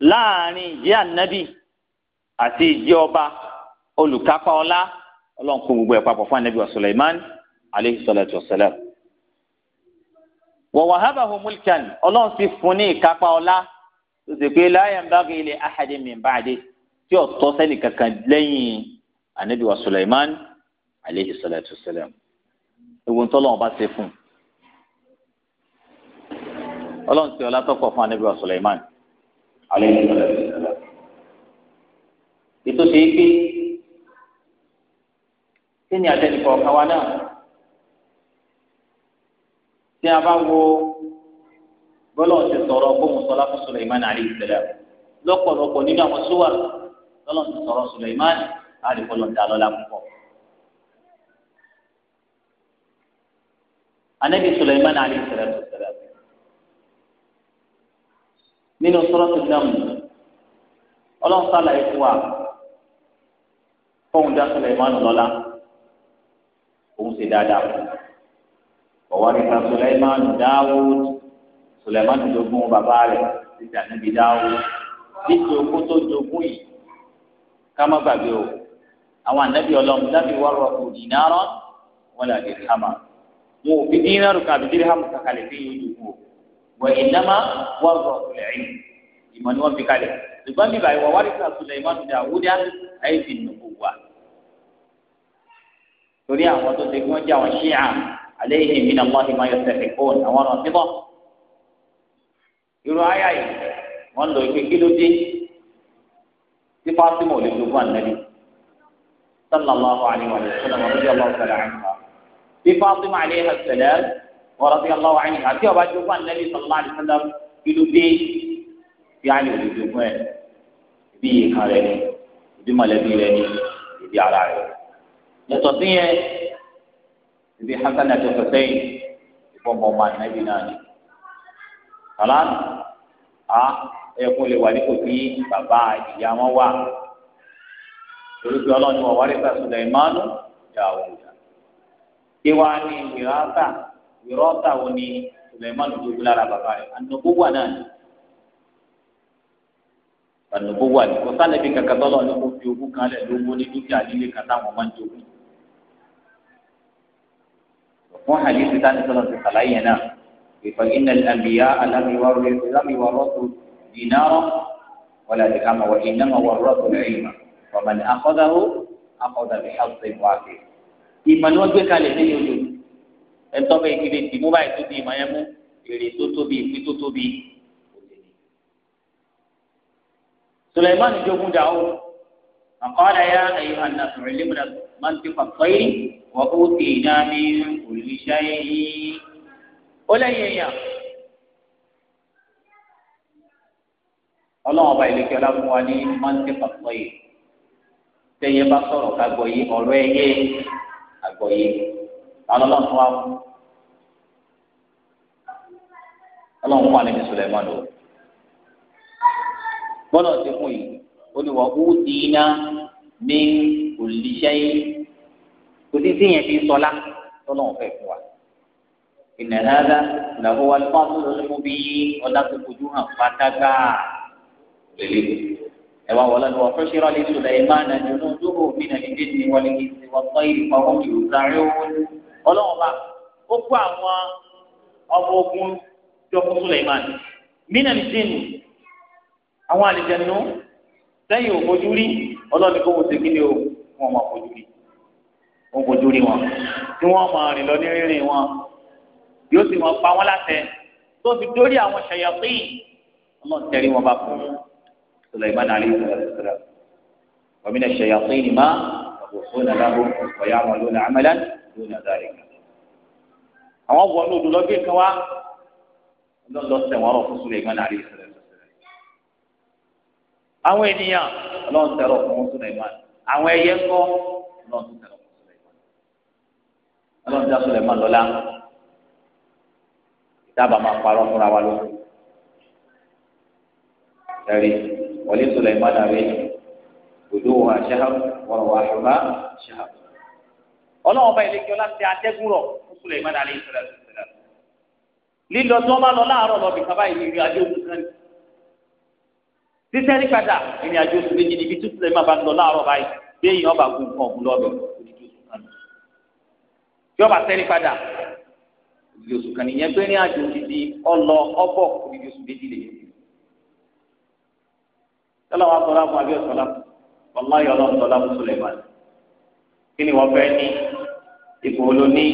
láàrin ìjẹ́ ànábì àti ìjẹ́ ọba olùkápá ọlá ọlọ́run kó gbogbo ẹ̀ papọ̀ fún anabi wa Sulaiman aleyhi salatu wa salam. wa wahabahu mulkan ọlọ́run sì fún ní ìkápá ọlá tó ṣe pé la yanbaghi li ahadin min ba'di tí ó tọ́ sẹ́ni kankan lẹ́yìn anabi wa Sulaiman aleyhi salatu wa salam. bá ṣe fún un ọlọ́run ti ọlá tọ́kọ̀ fún anabi wa Sulaiman aleyhi ètò ṣe é pé kíni àtẹnìkọ ọ̀kan wa náà tí a bá wo bọ́lá ti sọ̀rọ̀ gbóhùn sọlá fún Suleiman alayhi salam lọ́pọ̀lọpọ̀ nínú àwọn súwà lọ́lọ́ ti sọ̀rọ̀ Suleiman àdìpọ̀lọ̀ dà lọ́la púpọ̀. anabi Suleiman alayhi salatu wassalam nínú sọ́rọ́tù náà ọlọ́run sálà ẹ̀kú wa fóun dá Suleiman lọ́la òun ṣe dáadáa fún ọ̀wárìkà sùlẹ̀mánu dáwùd sùlẹ̀mánu jogún bàbá rẹ̀ títí ànábi dáwùd títí ogún tó jogún yìí ká má gbàgbé o àwọn ànábi ọlọ́run dábì wọ́rọ̀ kò dìnnárọ̀ wọn là dìrì hàmà wọn ò fi dínárù kàbí dìrì hàmù kàkàlẹ̀ fi yóò jogún o wọ ìnáma wọ́rọ̀ sùlẹ̀ yìí ìmọ̀ ni wọ́n fi kalẹ̀ ṣùgbọ́n bíbá ìwọ̀ wárìkà sùlẹ̀mánu dáwùd torí àwọn tó ṣe kí wọ́n jẹ́ àwọn ṣíà àléhìn mí náà lọ́ọ̀hìn máa yọ sẹ́fẹ̀ fóònù àwọn ọ̀nà síbọ̀. irú àyà yìí wọ́n lò pé kí ló dé tí Fátímà ò lè jogún ànábì sallallahu alaihi wa sallam radi Allahu ta'ala anha tí Fátímà alaiha salam wa radiyallahu anha àti ọba jogún ànábì sallallahu alaihi wa sallam kí ló dé tí àlè lè jogún ẹ̀ bí ìkan rẹ̀ ni ìdí mọ̀lẹ́bí rẹ̀ ni ìdí ara rẹ̀ ni yàtọ̀ sí yẹn ibi hasan àti hussein ìfọ̀mọ̀ ọmọ ànábì náà ni kàlá a ẹkùn lè wà ní kò sí bàbá ìyá wọn wà torí pé ọlọ́run wà wárí sà sùlẹ̀mánú yà wò ó kí wàá ní wìrọ́tà wìrọ́tà wo ni sùlẹ̀mánú tó gbúlára bàbá rẹ̀ ànàbówà náà ni ànàbówà ni kò sálẹ̀ kankan tọ́lọ́ ní kó fi ogún kan lẹ̀ lógún ní dúkìá líle kan táwọn máa ń jogún fún àdìsí tani sọlọ ti sàlàyé yẹn náà ìfọ iná àbíyá alámiwárò alámiwárò tó dìnnà wọlé àti kàmá wọ iná ma wọrọ tó lẹ́yìn ma wàmà ní akọdáwó akọdáwó ṣàtúnṣe wá sí. ìmọ̀ ni wọ́n gbé kalẹ̀ sí yòlò ẹ̀tọ́ bẹ́ẹ̀ kiri ti mú báyìí tó di ìmọ̀ yẹn mú èrè tó tóbi ìpín tó tóbi. sùlẹ̀mánì jogún dàó àkọọ́lẹ̀ yá ẹ̀yọ́ àná sùrẹ̀lẹ́mù náà mọ̀ntìkọ̀ pẹ́ẹ́rì wọ́n ó tè náà ní olùṣẹ́ yìí. ó lẹ́yìn èèyàn ọlọ́run ọba ìlẹ́kẹ́ ọlá fún wa ní mọ̀ntìkọ̀ pẹ́ẹ́rì tẹ́yẹ bá sọ̀rọ̀ kagbọ̀ yìí ọ̀rọ̀ ẹ̀yẹ àgbọ̀ yìí ọlọ́run fún wa ọlọ́run fún wa níbi Sùlẹ̀mánù bọ́lá ti fún yìí ó ní wọ́n ó tè náà mi kò lè ṣẹ́yìn kò sí sí yẹn fi sọlá tọ́lọ́ fẹ́ fún wa. ìnàlá làwọn wà lọ́wọ́ àwọn olóṣèlú bí ọ̀dà tó fojú hàn pátágà lélẹ̀. ẹ̀wà wọlé ni wọ́n fẹ́ ṣe rọ́ọ̀lì sọ̀rọ̀ ẹ̀ máa nà jọ̀nà ojúbò mí nà nídìí ni wọ́n lè ní ìsìnkú ọ̀tọ́ ìfọwọ́ ìrùsàrẹ́ òun. ọlọ́run bá ó kó àwọn ọmọ ogun jọ fún Suleiman mí nà nídìí ni àwọn àlejò nù sẹ́yìn òfojú rí ọlọ́ni kó wọ́n ṣe kí ni o wọ́n máa fojú rí wọ́n fojú rí wọn tí wọ́n máa rìn lọ ní rírìn wọn yóò sì máa pa wọ́n látẹ tó fi dórí àwọn ṣàyàpín ọlọ́run tẹ̀rí wọn bá fún un Sulaiman alayhi salam wa mina ash-shayatin ma yaghusuna lahu wa ya'maluna 'amalan duna dhalika àwọn wọnú odò lọ́gbẹ̀ẹ́ kan wá lọ́sẹ̀ wọn rọ̀ fún Sulaiman alayhi salam àwọn ènìyàn ọlọ́run tẹ̀rọ fún Suleiman àwọn ẹyẹ ńkọ́ ọlọ́run tẹ̀rọ fún Suleiman ọlọ́run tẹ̀rọ Suleiman lọ́la dábàá máa parọ́ fúnra wa lóko ẹ̀rí wọlé Suleiman rẹ̀ gbòdó wa ṣáà wọ́n wà ṣùgbọ́n ṣáà ọlọ́run ọba ìlẹ́kẹ́ ọlá ti atẹ́gùn rọ̀ fún Suleiman rẹ̀ lílọ tí wọ́n bá lọ láàárọ̀ lọ́bì kábàáyé ìrírí adé òkú kan sísẹ́rí padà ìrìn àjò oṣù méjì níbi tó tilẹ̀ máa bá lọ láàárọ̀ báyìí bí èèyàn ọba gun nǹkan ọ̀gùn lọ́dọ̀ yọba sẹ́rí padà ìdí oṣù kan nìyẹn pé ní àjò gidi ọlọ ọbọ ìdí oṣù méjì lè yẹn. sọlá wa sọlá fún abíọ́ sọlá ọlá yọ ọlọ́run sọlá fún sọlá ìbàdàn kí ni wọ́n fẹ́ ní ipò olóní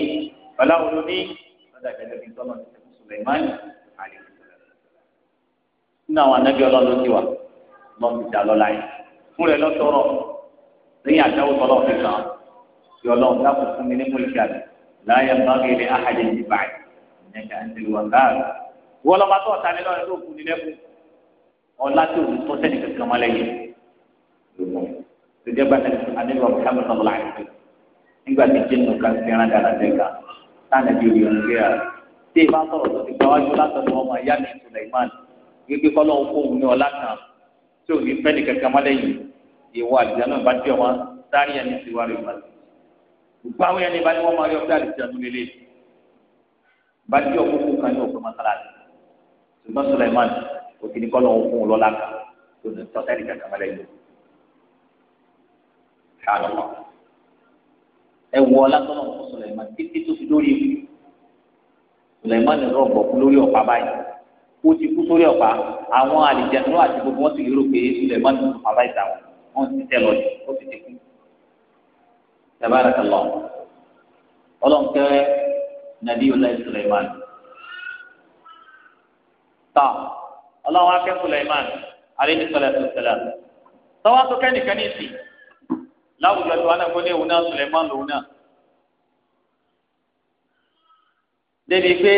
ọlá olóní ọjà ìgbẹ́jọ́ kí n sọ́nà lọ́ọ̀tì tí a lọ́la yìí fún rẹ̀ lọ́sọ̀rọ̀ lẹ́yìn àtẹ̀wò tọ́lọ̀ fi kàn kí ọlọ́run dákun fún mi ní múlíkà láyé báyìí ní ahàjẹ́ ti báyìí ẹ̀ka ẹ̀ńtẹ̀lẹ̀ wà káàrọ̀ wọ́n lọ́ba tó ọ̀tá mi lọ́rẹ̀ tó kù ní lẹ́kùn ọ̀la tó kù tó sẹ́ni kankan mọ́ lẹ́yìn ṣèjẹ́ bá anábìwá muhammed sọ̀rọ̀ àìsí nígbà tí jẹ́nu kan fi rán dára dẹ́ka táwọn ẹbí orí ọ̀run gbé ara tí ìbá sọ̀rọ̀ tí ò ní fẹ́ ní kankan mọ́lẹ́yìn ìwọ àlùjáná bá dé wọn sáré ẹni tí wàá rí wọn. gbogbo àwọn ẹni bá ní wọn máa yọ bí àlùjáná lélẹ̀ bá dé ọkọ̀ kan ní òkú mọ́sálásí ṣùgbọ́n Sulaiman òkìní kọ́ lọ́wọ́ fún un lọ́la kan tó ní tọ́tẹ́ ní kankan mọ́lẹ́yìn. ṣàlùmọ́ ẹ wọ ọlátọ́nà fún Sulaiman títí tó fi lórí Sulaiman rọ̀ bọ̀ lórí ọ̀pá báyìí ó ti kú sórí ọ̀pá àwọn àlìjẹ̀nú àti gbogbo wọn sì lérò pé ilẹ̀ máa ń tún bàbá ìta wọn wọn ti tẹ lọ ó ti ti kú. tabarakallah ọlọ́nkẹ́ nabiyullah Sulaiman tọ́ ọlọ́run akẹ́ Sulaiman alaihi salatu wassalam tọ́wọ́ tó kẹ́nìkan ní ìsìn láwùjọ tó wà náà kọ́lé òun náà Sulaiman lòun náà. débi pé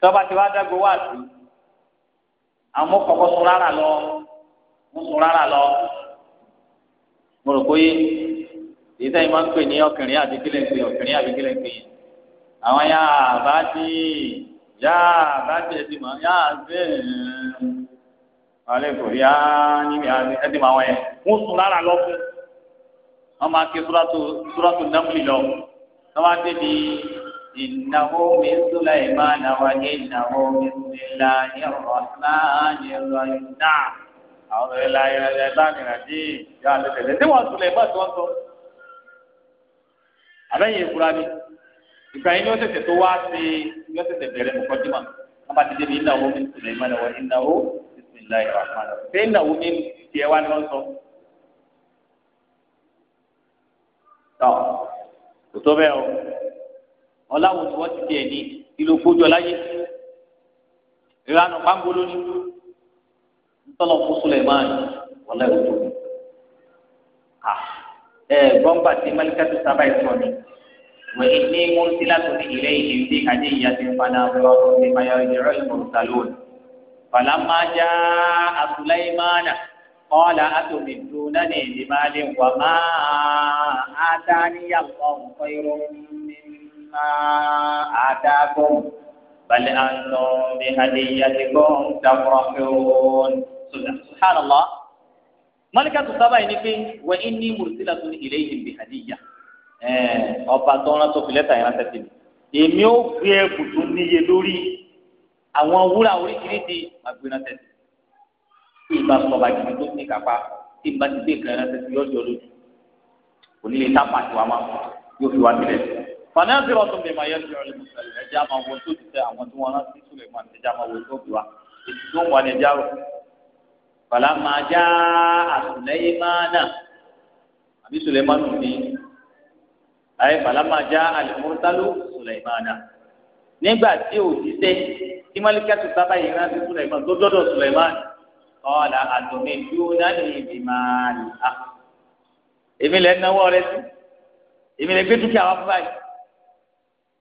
tọ́ba ti wá dágbo wá sí i àmọ́ kọ́kọ́ sùn rárá lọ mo sùn rárá lọ mo rò pé èyí sẹ́yìn máa ń pè ní ọkùnrin àti kílẹ̀ ń pè ọkùnrin àti kílẹ̀ ń pè yẹn àwọn yá bá ti yá bá ti ẹtì mọ́ yá bẹ́ẹ̀ alẹ́ kò yá níbi ẹtì mọ́ àwọn yẹn mo sùn rárá lọ fún wọn máa ké súrátù súrátù nàmúlì lọ wọn máa dé إنه من سليمان وإنه بسم الله الرحمن الرحيم نعم أعوذ بالله من الشيطان الرجيم يا لله tí wọ́n Suleiman tí wọ́n sọ abẹ́yẹ ìfura ni ìfura yìí ni wọ́n tẹ̀sẹ̀ tó wá sí ni wọ́n tẹ̀sẹ̀ bẹ̀rẹ̀ nǹkan dìmọ̀ wọ́n bá ti débi إنه من سليمان وإنه بسم الله الرحمن الرحيم ṣé ìnáwó mi tiẹ̀ wá ni wọ́n sọ. tó tó bẹ́ẹ̀ o ọláwo ni wọ́n ti tiẹ̀ ní ìlò kójọ láyé ìlànà pàǹgolo ni ntọ́lọ̀ fún Suleiman wọlé òjò ẹ gbọ́ngbà tí malikatu sábà sọ ni wọ́n ní mọ́tìlátò ní ilé ìlú tí adé ìyá ti ń fana lọ́wọ́ ní mayọ̀dẹ̀rọ̀ ìmọ̀lùsálóòlù falamma jaa Sulaimana. قال أتمدونني بمال وما آتاني الله خير آتاكم بل أنتم بهديتكم تفرحون سبحان الله ملكة السبع نبي وإني مرسلة إليهم بهدية ọba tó ń rántó filẹ́tà yẹn rántẹ́ tèmi èmi ò fi ẹ̀kùn tó níye lórí àwọn wúrà oríṣiríṣi àgbérántẹ́ tèmi ìgbà sọ̀bà jìnnì tó ní kápá tí n bá ti dé ìkànnì rántẹ́ tèmi yọjọ́ lójú kò ní lè tá pàṣẹ wa máa yóò fi wá sílẹ̀ sí fanẹ́ẹ̀sì ọ̀tún lè máa yẹ sí ọ̀rẹ́ mùsùlùmí ẹja máa wo tó ti tẹ àwọn tí wọ́n rántí sílẹ̀ mọ́ ẹja máa wo tó bì wá èsì tó ń wà ní ẹja rò bàlá máa já àtúnlẹ́yìn máa nà àbí sùlẹ̀mánù ní ayé bàlá máa já àlùmọ́tálù sùlẹ̀mánà nígbà tí ò ti tẹ tí mọ́líkẹ́tù sábà yìí rántí sùlẹ̀mánù tó dọ́dọ̀ sùlẹ̀mánù ọ̀là àtọ̀mí dúró ní èmi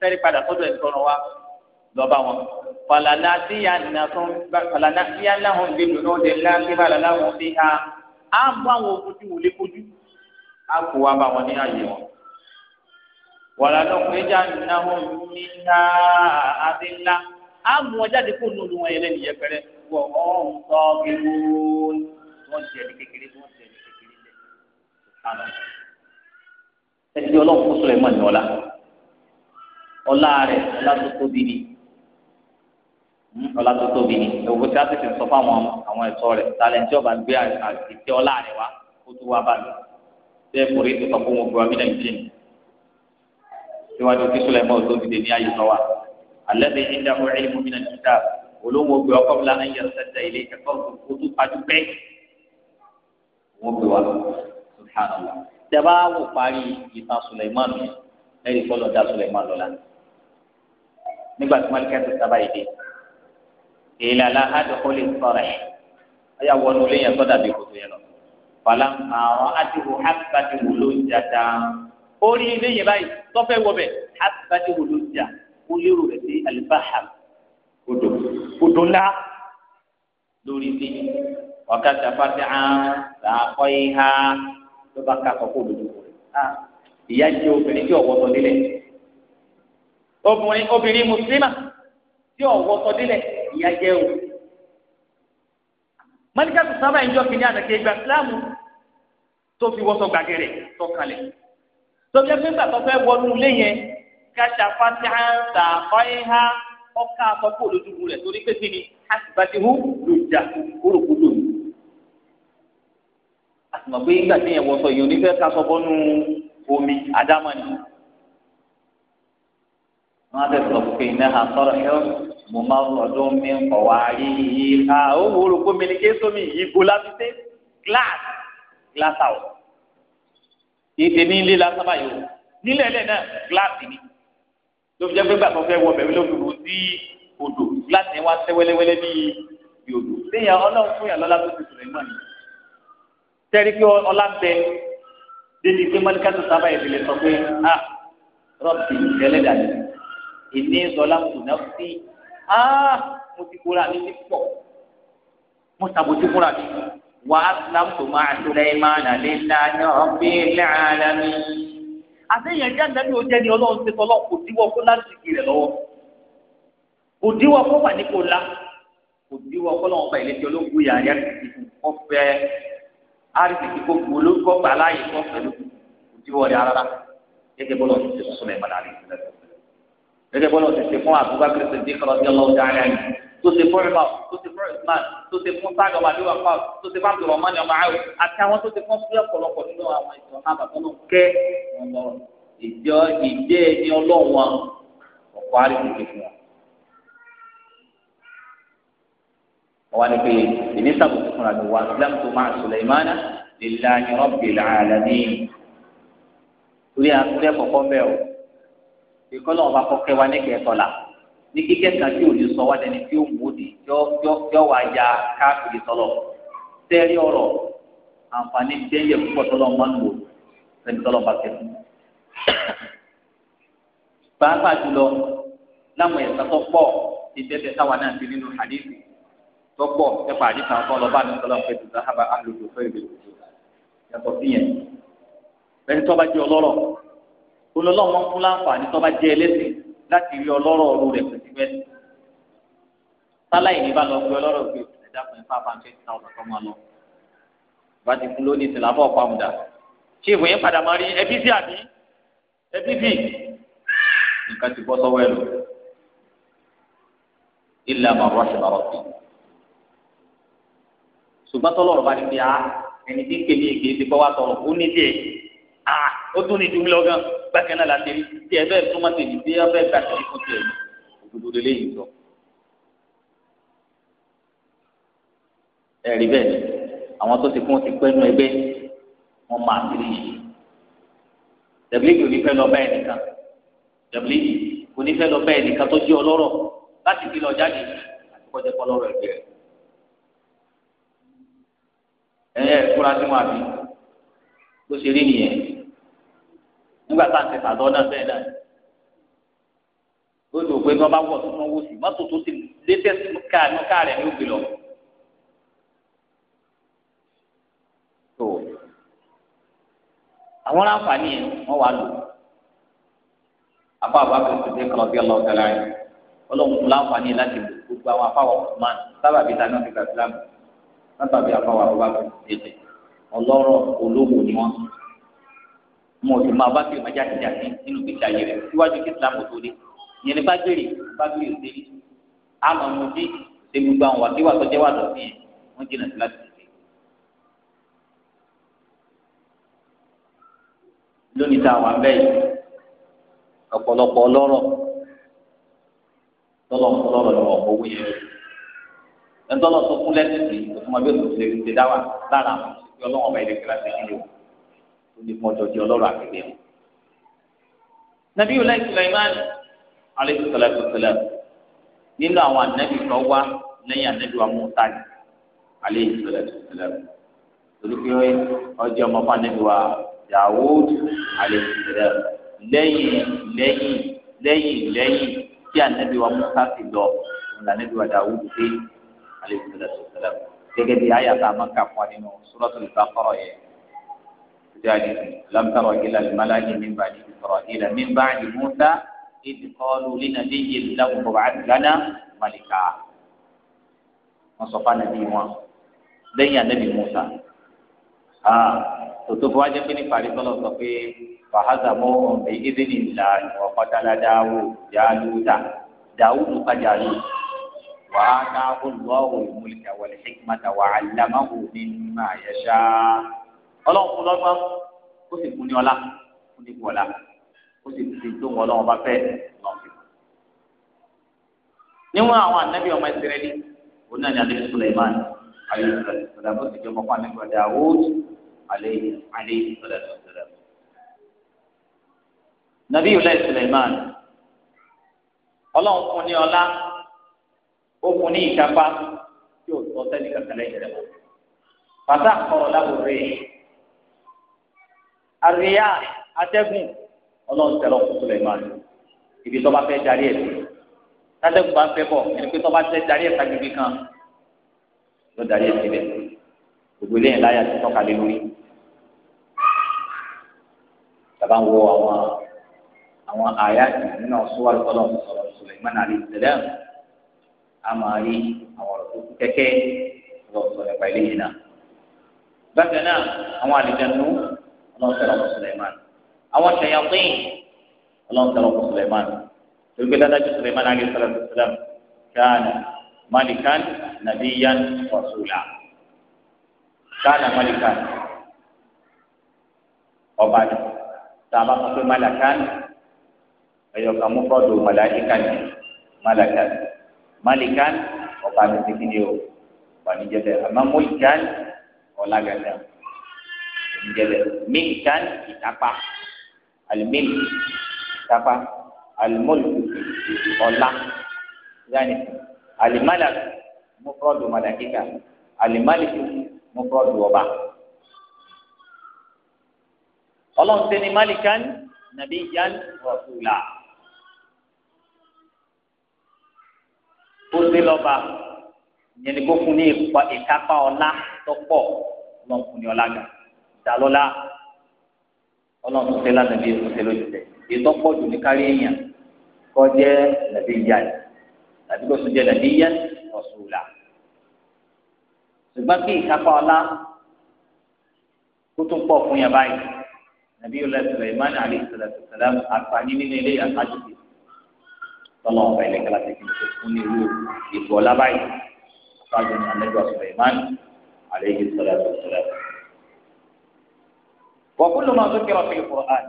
sẹ́rí padà sọ́dọ̀ ẹ̀ tọrọ wa lọ́ba wọn. falana tí ya nà fún falana tí ya náà ń gbèdùn náà dé ńlá kí falana wọn fi ha á mú àwọn ojú wò lé kojú á kó wa bá wọn ní ààyè wọn. wàlá náà kò já nà wọn ní ká àti ńlá á mú wọn jáde kó nù wọn yẹn lẹ́nu yẹpẹrẹ wọ́n ń sọ gbogbo wọn jẹ́ ní kékeré wọn jẹ́ ní kékeré lẹ́nu. ẹni tí ọlọ́run kó sọ̀rọ̀ ọ̀la ọlá rẹ̀ ọlá tó tóbi ni hmm, ọlá tó tóbi ni ẹwọ tí a ti fi sọ fáwọn àwọn ẹ̀tọ́ rẹ̀ talẹntì ọba gbé àtìtẹ ọlá rẹ̀ wá kó tó wá bá mi bẹ́ẹ̀ kò rí ìtọ́sọ fún gbogbo amínà ìjìn síwájú kíkú lẹ́mọ́ tó dìde ní ayé sọ wa alẹ́ bẹ ẹ̀dá ọ̀rẹ́ ẹ̀yìn mọ́mínà níta olóńgbò gbé ọkọ̀ bíi lánàá yẹn sẹ́tẹ̀ ilé ẹ̀kọ́ tó tó pajú pẹ́ wọ́n gbé wa subhanallah tẹ́ bá wò parí ìtàn nígbà tí wọn lè kẹsàn sábà yìí dé ìlàlá adókòlè sọrẹ ọyà wọnú ilé yẹn sọdà bíi kòtò yẹn lọ fàlà àwọn adìwò abatiwò ló ń jà dáa orí ilé yẹn báyìí tọfẹ wọbẹ abatiwò ló ń jà ó lérò rẹ sí alibaham odò odò ńlá lórí ilé wákàtí afáàtì án yìí ha ló bá ká kọ́kọ́ òdodo rẹ̀ ah, ìyá jẹ́ obìnrin tí ọ̀wọ́ sọ nílẹ̀ obìnrin obìnrin mùsùlùmá tí ọ̀wọ́ sọdílẹ̀ ìyá jẹ́ o. mọ́líkà tó sábà ń jọ kìnìún àtàkì ìgbà síláàmù tó fi wọ́sọ gbàgẹ̀rẹ̀ tó kalẹ̀. sọ́jà pínpà tó fẹ́ wọnú ilé yẹn káṣà fatiha sàfáyéhá ọkà àkọ́kọ́ olójúbu rẹ̀ torí pé kíni àtìbátihù lòjà kúròkúrò yìí. àtìmọ̀ pé ìgbà tí yẹn wọ́sọ yìí onífẹ́ ká sọ bọ́nú omi àdámọ́ni wọn bẹ sọ pé náà sọ̀rọ̀ yọ mo máa ń rọdún mi ń kọ wá rí i a ó wúro kó mi ní ké sómi ìbò lábíté glass glass house ètè ní ilé lásán báyìí o nílẹ̀ ilẹ̀ náà glass ni ló fi jẹ́ pé gbàgbọ́ fẹ́ wọ bẹ̀rẹ̀ lóbi rò sí odò glass yẹn wá sẹ́ wẹ́lẹ́wẹ́lẹ́ bí bí odò léyìn ọlọ́run fún yàn lọ́la tó ti sọ̀rọ̀ ìmọ̀ ni tẹ́rí pé ọlá ń bẹ débi pé mọ́líkà èmi zọlá kù náà sí á mo ti kóra mi ti pọ̀ mo sàbòtí fúnra mi wà á sàmùtò máa tóra ẹ máa nà lé ńlá ní ọ̀bí lára mi. àtẹ̀yìn ẹ̀jẹ̀ àdàbí ojú ẹni ọlọ́run ti tọ́lọ́ kò díwọ́ kó láti kiri rẹ̀ lọ́wọ́ kò díwọ́ kó wà ní kò la kò díwọ́ kó lọ́wọ́ bá ilé tí yàrá yàrá ti fi kọ́ fẹ́ àrísìkí kó gbó olóògùn ọgbà láàyè kọ́ fẹ́ lókun kò díwọ́ rẹ̀ rárá gẹ́gẹ́ bọ́lá ọ̀sẹ̀ sọ́sọ́ gẹ́gẹ́ bọ́lá ti ṣe fún Abubakar Siddiq radiyallahu ta'ala anhu tó ṣe fún ìmọ̀ tó ṣe fún Usman tó ṣe fún sáàdì ọmọ àdéhùn ọkọ tó ṣe fún àbúrò mọ́ni ọmọ àwọ̀ àti àwọn tó ṣe fún fúlẹ̀ ọ̀pọ̀lọpọ̀ nínú àwọn ìṣòro náà bàbá náà kẹ́ ọ̀nà ìjọ ìjẹ́ ẹni ọlọ́wọ́n ọ̀pọ̀ àríkèké fún wọn. wọ́n ní pé ìní sábùkù fúnra mi wà islam tó máa sùlẹ̀mánà lillahi rabbil alamin. torí àtúndẹ̀ kọ̀ọ̀kan bẹ́ẹ̀ o ìkọlọ́ ọba kọ́kẹ́ wa níkẹ́ tọ́la ní kíkẹ́ kan tí ò ní sọ wá dẹni tí ó wò ó di yọ wá ya káàkiri tọ́lọ̀ tẹ́rí ọ̀rọ̀ àǹfààní dẹ́yẹ púpọ̀ tọ́lọ̀ máa ń lò ẹni tọ́lọ̀ bá tẹ̀ fún. pàápàá jùlọ láwọn ẹ̀sán tó pọ̀ ti bẹ́ẹ̀ táwa náà ti nínú hadithi tó pọ̀ nípa àdìsá ọ̀tọ̀ lọ́ba mi tọ́lọ̀ fẹ́ẹ́ tuntun sábà alòdò fẹ́ẹ́ yàtọ̀ sí ẹni tó bá jẹ́ ọlọ́rọ̀ olólọ́mọ ń fún láǹfààní tó bá jẹ́ ẹlẹ́sìn láti rí ọlọ́rọ̀ ọ̀rù rẹ̀ pẹ̀sí bẹ́ẹ̀ sáláì ní bá lọ gbé ọlọ́rọ̀ gbé ẹ̀dàkùn ẹ̀fà pàǹtẹ́ ti ta ọ̀sán tó máa lọ bá ti kú lónìí tìlábọ̀ pàmùdà ṣé ìwé yẹn padà máa rí ẹbí sí àbí ẹbí sí nǹkan ti bọ́ sọ́wọ́ ẹ̀ lọ ilé àmọ̀ rọ́ọ̀ṣì bá rọ́ọ̀ṣì ṣùgbọ́n tọ́lọ́rọ̀ bá ní bí a ah, ẹni tí ń kéde èké bọ́ wá sọ̀rọ̀ ó ní díẹ̀ ah o tún ní ìdúró lọ́gán bákan náà láti rí tí ẹ bẹ́ẹ̀ túmọ̀ tèmi tí ẹ bẹ́ẹ̀ gbàtẹ́ ní fún tiẹ̀ òdodo lélẹ́yìn sọ. ẹ̀rí bẹ́ẹ̀ àwọn tó ti kún ti pẹ́ nu ẹgbẹ́ wọn máa ti rí yìí tẹ̀blígì onífẹ́ lọ bẹ́ẹ̀ nìkan tẹ̀blígì onífẹ́ lọ bẹ́ẹ̀ nìkan tó jẹ́ ọlọ́rọ̀ láti fi lọ jáde àti kọjá kọ́ lọ́rọ̀ ẹgbẹ́ rẹ̀ ẹ̀yẹ́ ìfúrasí wọn àbí bó ṣe rí nìyẹn nígbà tá à ń tẹ sàdọ́ náà bẹ́ẹ̀ náà ó lò pé wọ́n bá wọ̀ tó wọ́n wò sí mọ́tò tó ti létẹ́ káàánú káàrẹ̀ ní òbí lọ. tó àwọn láǹfààní yẹn wọ́n wà lò afọ àbáfẹ́ tó dé kọlọ́bí ọlọ́ọ̀tẹ́ láyé ọlọ́run fún láǹfààní láti lò gbogbo àwọn afáwọ̀ man sábàbí tani wọn fi gbà sílámù sábàbí afáwọ̀ àbúrò bá fi dé ọlọ́rọ̀ olówó ni wọ́n mo sì máa bá kiri máa jáde jáde nínú gbèsè ayé rẹ síwájú kí islam tó dé ìyẹn ní bá gbèrè bá gbèrè ó délé àmọ́ mo dé ṣe gbogbo àwọn wàkíwà tó jẹ́ wà lọ sí yẹn wọ́n jìnnà sí láti ṣe. lónìí tá a wà bẹ́ẹ̀ ọ̀pọ̀lọpọ̀ ọlọ́rọ̀ tọ́lọ̀ ọlọ́rọ̀ lọ́wọ́ owó yẹn ẹ̀ńtọ́lọ̀ tó lẹ́sìn sí òtún ọbẹ̀ tó ṣe dáwà lára àwọn ìṣẹ́jú ọlọ́wọ́ ọba ìdẹ́gbẹ́ra ṣe nílò ní fún ọjọ́ di ọlọ́rọ̀ àkẹgbẹ́ wọn. nàbí ọlá Sulaiman alayhi salatu salam nínú àwọn ànábì kan wá lẹ́yìn ànábì wa Mùsá ni alayhi salatu salam ọjọ́ ọmọ fún ànábì wa Dawud alayhi salam lẹ́yìn lẹ́yìn lẹ́yìn lẹ́yìn tí ànábì wa Mùsá ti lọ ọ̀nà wa Dawud dé alayhi salatu salam gẹ́gẹ́ bí ayàtà àmọ́ kà fún wa nínú Suratul Baqara yẹn. ذلك لم تر إلى الملأ من بني إسرائيل من بعد موسى إذ قالوا لنبي له مبعث لنا ملكا وصفى نبي موسى لن نبي موسى آه tòtòfò ajẹ́ pé nípa àdìsọ́ lọ sọ pé fàhásà mọ́ ọ̀nbẹ ìdílé ńlá ọ̀kọ́tàlá dáwò jàlúta dáwùdù kájàlú wà á ká olùwàwò ìmúlìkà wal hikmata wà á lámàwò ní mímà yẹ̀ṣá ọlọ́run fún lọ́gbọ́n ó sì fún ní ọlá fún ní wọlá ó sì fi tó wọn ọlọ́run bá fẹ́ lọ́n fi. níwọ̀n àwọn ànábì ọmọ ìsirẹ́lì òun náà ní alẹ́ Suleiman ayé ìsọ̀rọ̀ bó ti jẹ́ ọmọ fún ànábì ọ̀dà Dawud alẹ́ alẹ́ ìsọ̀rọ̀ ìsọ̀rọ̀. nàbí ìwúlẹ̀ Suleiman ọlọ́run fún ní ọlá ó fún ní ìkápá tí ò àríyá atẹ́gùn ọlọ́run tẹ̀lé ọkùnrin Suleiman ibi tó bá fẹ́ darí ẹ̀ sí tátẹ́gùn bá ń fẹ́ bọ̀ ẹni pé tó bá fẹ́ darí ẹ̀ sagbègbè kan ló darí ẹ̀ síbẹ̀ gbogbo eléyìí láyà ti tọ́ka lé lórí tàbá ń wo àwọn àwọn àyà nínú ọ̀ṣunwá lọ́dọ̀ sọ̀rọ̀ Suleiman alayhi salam a máa rí àwọn ọ̀rọ̀ tó kẹ́kẹ́ lọ́sọ̀rọ̀ ẹ̀pà eléyìí náà bákan náà àwọn àlejò ọlọ́run tẹ̀lé ọkọ̀ Suleiman àwọn ṣẹ̀yàpín ọlọ́run tẹ̀lé ọkọ̀ Suleiman torí pé dájú Suleiman lagi sọ̀rọ̀ sọ̀rọ̀ káàní malikan nabiyan rasula káàní malikan Obat. ni tàbá malakan ẹ̀yọ̀kan mú fọ́ọ̀dù malakan malakan malikan obat ni ti kí ni o ọba ni ìjẹbẹ mílíkan ìtapa alimílì ìtapa alimọlù ọlá yanni alimala mufrọdu malakika alimaliku mufrọdu ọba ọlọ́run sẹni malikan nàbí yan rọsùlà ó sí lọba yẹn ni kó fún ní ìkápá ọlá tó pọ̀ dá lọ́lá ọlọ́run tó tẹ́lá nàbí ìfúnṣe lójú tẹ̀ ètò pọ̀jù ní kárí èèyàn kọ́ jẹ́ nàbí ìyá yìí tàbí kó sùn jẹ́ nàbí ìyá ọ̀ṣùlà ṣùgbọ́n kí ìkápá ọlá kó tó pọ̀ fún yàn báyìí nàbí ìlẹ̀ Sùlẹ̀mánì alayhi salatu salam àǹfààní nínú ilé àtàjù tọ́lọ́ ọ̀fẹ́ ilẹ̀ kẹlẹ́sẹ̀ kí n tó fún ní irú ìbò ọlá báyìí àtàjù nàbí ìlẹ̀ Sùlẹ̀mánì وكل ما ذكر في القرآن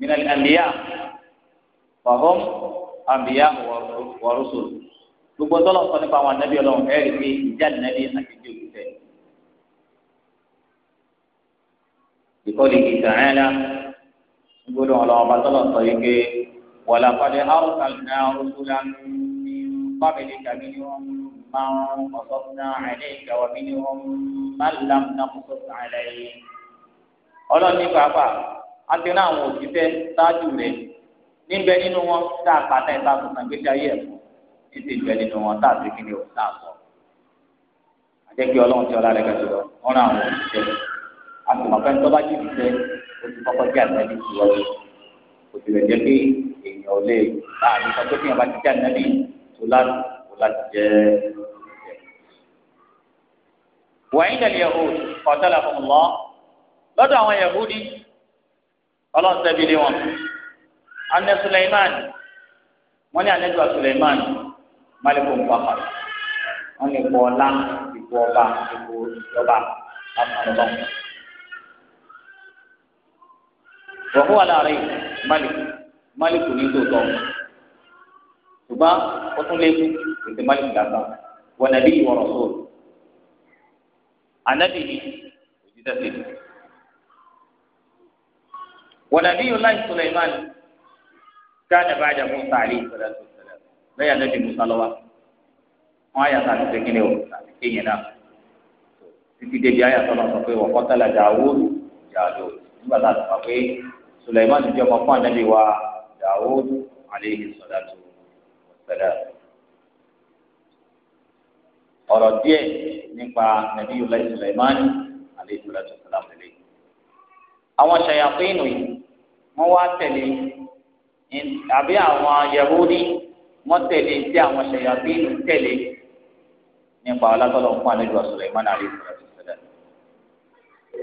من الأنبياء فهم أنبياء ورسل gbogbo tọ́lọ̀ sọ nípa àwọn anábì ọlọ́run ẹ̀ rí i pé ìjà nàbí àtijọ́ òkúta ẹ̀. ìkọ́lé ìtàrẹ́lá gbogbo ọlọ́run ọba tọ́lọ̀ sọ yìí pé wàlá padà áwùsàn náà rúṣúlá ní pàmìlì tàbí ní wọn máa ń kọ́sọ́sọ́ náà àìlè ìgbà wà mí ní wọn máa ń lam náà kọ́sọ́sọ́ àìlè yìí ọlọ́ọ̀ni pàápàá àtẹnà àwọn òṣìṣẹ́ ṣáájú rẹ̀ níbẹ̀ nínú wọn tá a pàtẹ́ tá a sọ̀tàn gbèsè ayé ẹ̀fọ́ títí ìbẹ̀ nínú wọn tá a ti kí ni ò tá a sọ. àjẹkí ọlọ́run ti ọlá rẹ̀ gàdú lọ wọn rà àwọn òṣìṣẹ́ àtùmọ̀fẹ́ tó bá jìbì fẹ́ o ti kọ́kọ́ jẹ́ àtẹ́bí ìwọ́lẹ̀ kò sì lè jẹ́ pé èèyàn ò lè láàrin sọ pé kí wàyí dàlẹ́ ọ̀tọ́lá fún un lọ́ọ́ lọ́dọ̀ àwọn yahudi ọlọ́run tẹ́bílé wọn anẹ suleiman wọn ní anẹjọ suleiman maliko nkwakwa wọn ní ipò ọlá ipò ọba ipò ìjọba àtàlọ́lọ́ wọ́n wà láàrin maliko maliko ní tòótọ́ ṣùgbọ́n ó tún léwu ètò maliko dàgbà wọn nàbí ìwọ̀rọ̀ sóòlù anabi ni òjì tẹ̀sí. ونبي الله سليمان كان بعد موسى عليه الصلاة والسلام لا النبي موسى لوا ما يسأل سكينه كينا títí débi ayé àtọ́nà sọ pé wọ́n kọ́tàlá dàwúd jàdùd nígbà tá a sọ pé suleiman jẹ́ ọmọ fún ànábì wa dàwúd aleyhi sọ̀dátù sọ̀dá. ọ̀rọ̀ díẹ̀ nípa nàbí yóò láì suleiman aleyhi sọ̀dátù sọ̀dá pẹ̀lẹ́. àwọn ṣayàpínù yìí wọ́n wá tẹ̀lé àbí àwọn yahudi wọ́n tẹ̀lé tí àwọn ṣèyàbí tẹ̀lé nípa ọlọ́tọ́lọ́ fún àlejò ọ̀sọ̀rọ̀ ìmọ̀ náà lẹ́yìn ìfúnra ìṣẹ̀lẹ̀.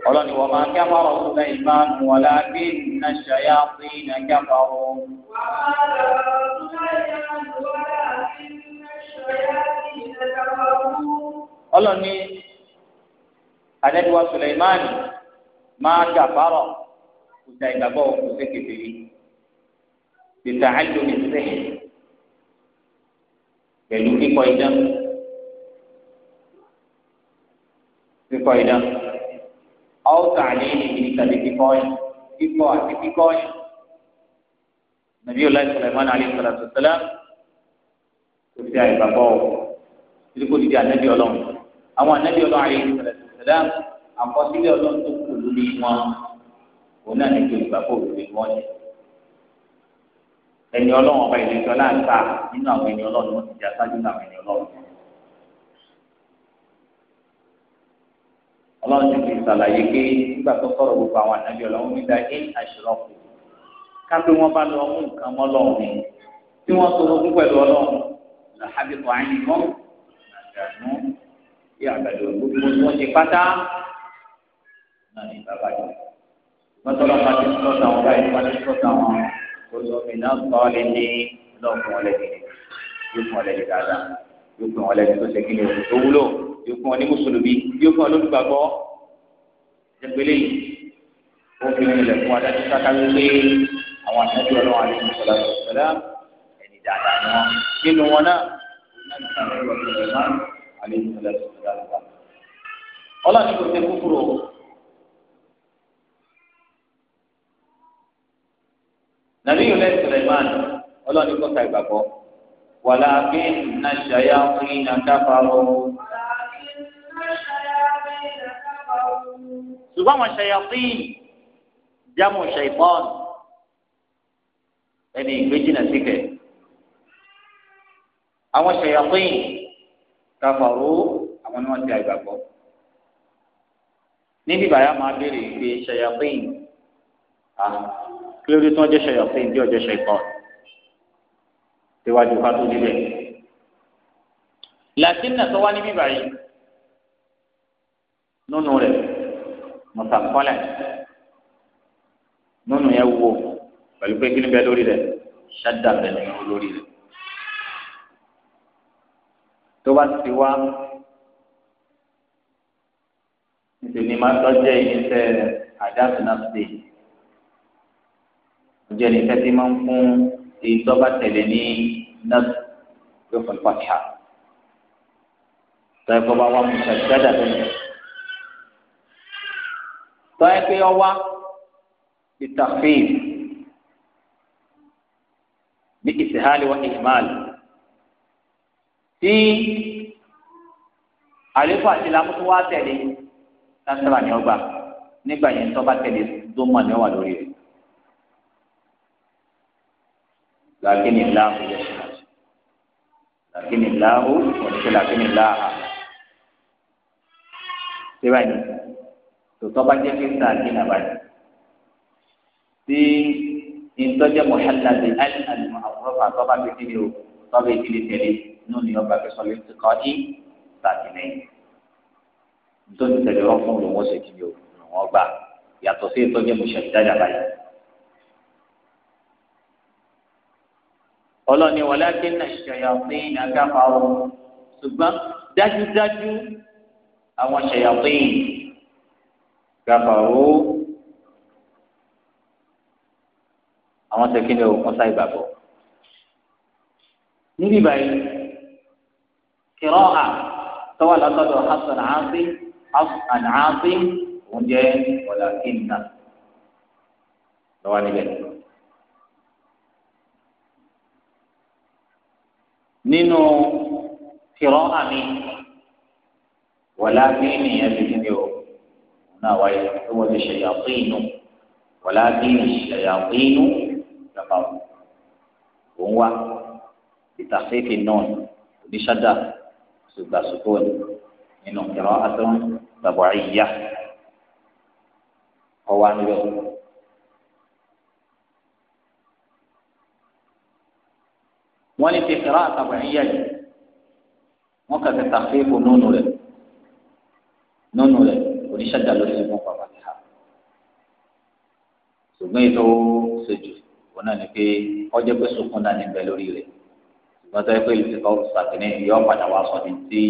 ọlọ́ni wọ́n máa kẹ́fọ́ ọ̀rọ̀ sílẹ̀ ìmánu wọlé bí iná ṣayá sí iná kẹ́fọ́ ọ̀rọ̀. ọlọ́ni àlejò ọ̀sọ̀rọ̀ ìmánu máa kẹ́fọ́ ọ̀rọ̀ kò sa ìgbàgbọ́ kò sí kékeré tètè àjò ní sẹ́ẹ̀ pẹ̀lú kíkọ idán kíkọ idán ọ̀ọ́tà ní ìdílé tàbí kíkọ ọ̀yìn kíkọ àti kíkọ ọ̀yìn nàbí ọ̀la ìsọ̀lẹ̀mọ́nà alẹ́ ìsọ̀lá tó tẹ́lẹ̀ kò sí àìgbàgbọ́ ìdíkò dídí ànábì ọlọ́run àwọn ànábì ọlọ́run alẹ́ ìsọ̀lá tó àkọsílẹ̀ ọlọ́run tó kù lórí wọn òun náà ní ju ìgbàgbọ́ òdodo wọn jẹ ẹni ọlọ́run ọba ìlẹ́jọ́ láǹtà nínú àwọn ẹni ọlọ́run wọn ti di aṣáájú nínú àwọn ẹni ọlọ́run ọlọ́run ti fi ṣàlàyé pé nígbà tó sọ̀rọ̀ gbogbo àwọn ànábì ọlọ́run nígbà ẹ̀ àṣírọ́pù kápẹ́ wọn bá lọ mú nǹkan mọ́ lọ́run ni tí wọ́n sọ ogún pẹ̀lú ọlọ́run làhábìtò àyìnbọn àdánù gbogbo wọn ti pátá náà ní bàbá yìí mọ́tọ́lá bá ti tọ́ táwọn báyìí bá ti tọ́ táwọn olùmìnà sọ́ọ̀lì ní lọ́ọ̀kùn ọ̀lẹ́dì yóò fún ọ̀lẹ́dì dáadáa yóò fún ọ̀lẹ́dì tó ṣe kíni òkú tó wúlò yóò fún ọ ní mùsùlùmí yóò fún ọ lólùgbàgbọ́ ẹgbẹ́lẹ́ yìí ó fi ilẹ̀ fún adájọ́ sáká wípé àwọn àtẹ́jú ọlọ́run àlejò sọ̀rọ̀ sọ̀rọ̀ ẹni dáadáa ni wọ́n nínú wọn náà ọlọ́run kò ṣe kúkúrò nàbí yòlẹ Sulaiman ọlọ́ni kọ́ta ìgbàgbọ́ wàlá bí nàṣàyà fún iná dábàárọ̀. ṣùgbọ́n àwọn ṣayàfín jámù ṣàìbọ́n ẹni ìgbéjì náà sí kẹ̀. àwọn ṣayàfín káfàró àwọn ni wọ́n ti àgbàgbọ́. níbi bàyá máa béèrè pé ṣayàfín kí ló dé tí wọ́n jẹ́ ṣẹyọ̀ pé ìdí ọjọ́ ṣe kọ́ síwájú ká tó délẹ̀. làtínà tó wá níbí báyìí nínú rẹ̀ mọ̀sàkọ́lẹ̀ nínú yẹn wúwo pẹ̀lú pé kí ni bẹ́ẹ̀ lórí rẹ̀ ṣáda bẹ́ẹ̀ ni lórí rẹ̀ tó bá ti wá nítorí máa tọ́jú ẹ̀yin sẹ́ àdáṣe náà ṣe jẹni kẹtí máa ń fún èyí tó bá tẹ̀lé ní nọ́ọ̀sì yóò fún pàṣà tọ́ ẹ̀kọ́ bá wà mùsà dáadáa tó yẹ tọ́ ẹ pé ọwá ìtàfíì ní ìsìhálì wa ìhìmáàlì tí àléfà àti lamutu wa tẹ̀lé lásìrà ni ọgbà nígbà yẹn tó tẹ̀lé tó mọ̀ ní lórí rẹ̀. lakini Allahu yashhad lakini Allahu ọ̀dẹ́sẹ̀ lakini Allaha ṣé báyìí tòótọ́ bá jẹ́ pé sáà kí nàbà yìí tí ìtọ́jẹ́ mọ̀hálàdé àlùmọ̀ àwòrán àtọ́ba bí kí ni o tọ́ba kí ni tẹ̀lé inú ni ọba fi sọlé ti kọ́ ní sáàkì lẹ́yìn nítorí tẹ̀lé wọn fún olùwọ́sẹ̀ kí ni o wọn gbà yàtọ̀ sí ìtọ́jẹ́ mọ̀ṣẹ̀ ìdájà báyìí. ọlọ́ni wàlákin náà ṣàyàpín àgàfà o ṣùgbọ́n dájúdájú àwọn ṣàyàpín àgàfà o àwọn tẹkínlẹ òkun sáì bàbọ. níbi báyìí kìrọ́ à tọ́wọ́ látọ̀dọ̀ hasan àáfíì hasan àáfíì òun jẹ́ wàlákin náà lọ́wọ́ nínú tìrọ àmì wọlá bí nìyẹn ti kíni o náà wáyé tó wọ́n ti ṣẹ̀yà pé inú wọlá bí ṣẹ̀yà pé inú ìjọba òun wá ìtàséfì náà oníṣàdá ṣùgbà nínú tìrọ àtọ́ tàbí àyíyá ọwọ́ àníbẹ̀. wọ́n ní ti kíra àtàbọ̀nyíyá yìí wọ́n kà ti tàfé kó nónú rẹ̀ nónú rẹ̀ oníṣàjà ló ti mú bàbá ti hà ṣùgbọ́n ètò ṣèjú wọn náà ni pé ọjọ́ pé sunkún náà ní bẹ lórí rẹ̀ ṣùgbọ́n tó yẹ pé ìfipá ṣàkíní yọ padà wá sọ ní tí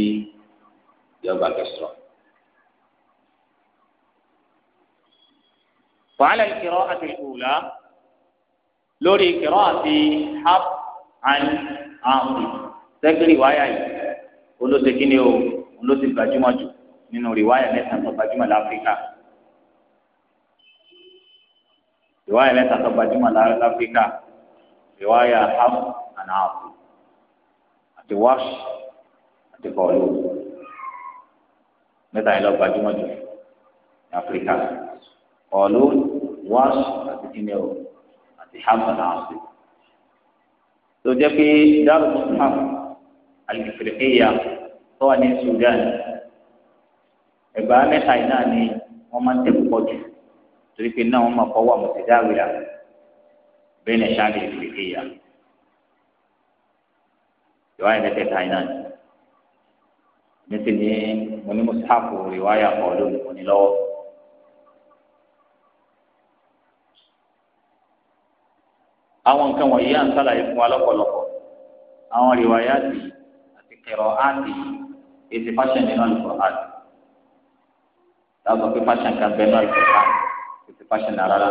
yọgbà kẹsàn-án. وعلى القراءة الأولى لوري قراءة حفص àní àǹfì sẹ́kìrì wáyà yìí olóṣè kí ni o olóṣè gbajúmọ̀ jù nínú rìwáyà mẹ́ta tó gbajúmọ̀ láfíríkà rìwáyà mẹ́ta tó gbajúmọ̀ láfíríkà Riwaya hafs and àǹfì àti wash àti bọ́ọ̀lù mẹ́ta yìí lọ gbajúmọ̀ jù ní áfíríkà wash àti kí ni o àti hafs and àǹfì tó jẹ́ pé Darul Mushaf al-Ifriqiya tó wà ní Sudan ẹ̀gbá mẹ́ta yìí náà ni wọ́n máa ń tẹ̀ púpọ̀ jù torí pé náà wọ́n máa fọwọ́ mutadawila bẹ́ẹ̀ ní sáà al-Ifriqiya riwaya mẹ́tẹ̀ẹ̀ta yìí náà ni mo ní Mushaf riwaya kọ́ lónìí mo ní lọ́wọ́. àwọn nǹkan wọ̀nyí à ń sàlàyé fún wa lọ́pọ̀lọpọ̀ àwọn rìwáyàtì àti kẹrọ áàtì èsì fashion nínú àlùkò áàtì láàbọ̀ pé fashion kan bẹ́ẹ̀ náà àlùkò áàtì èsì fashion rárá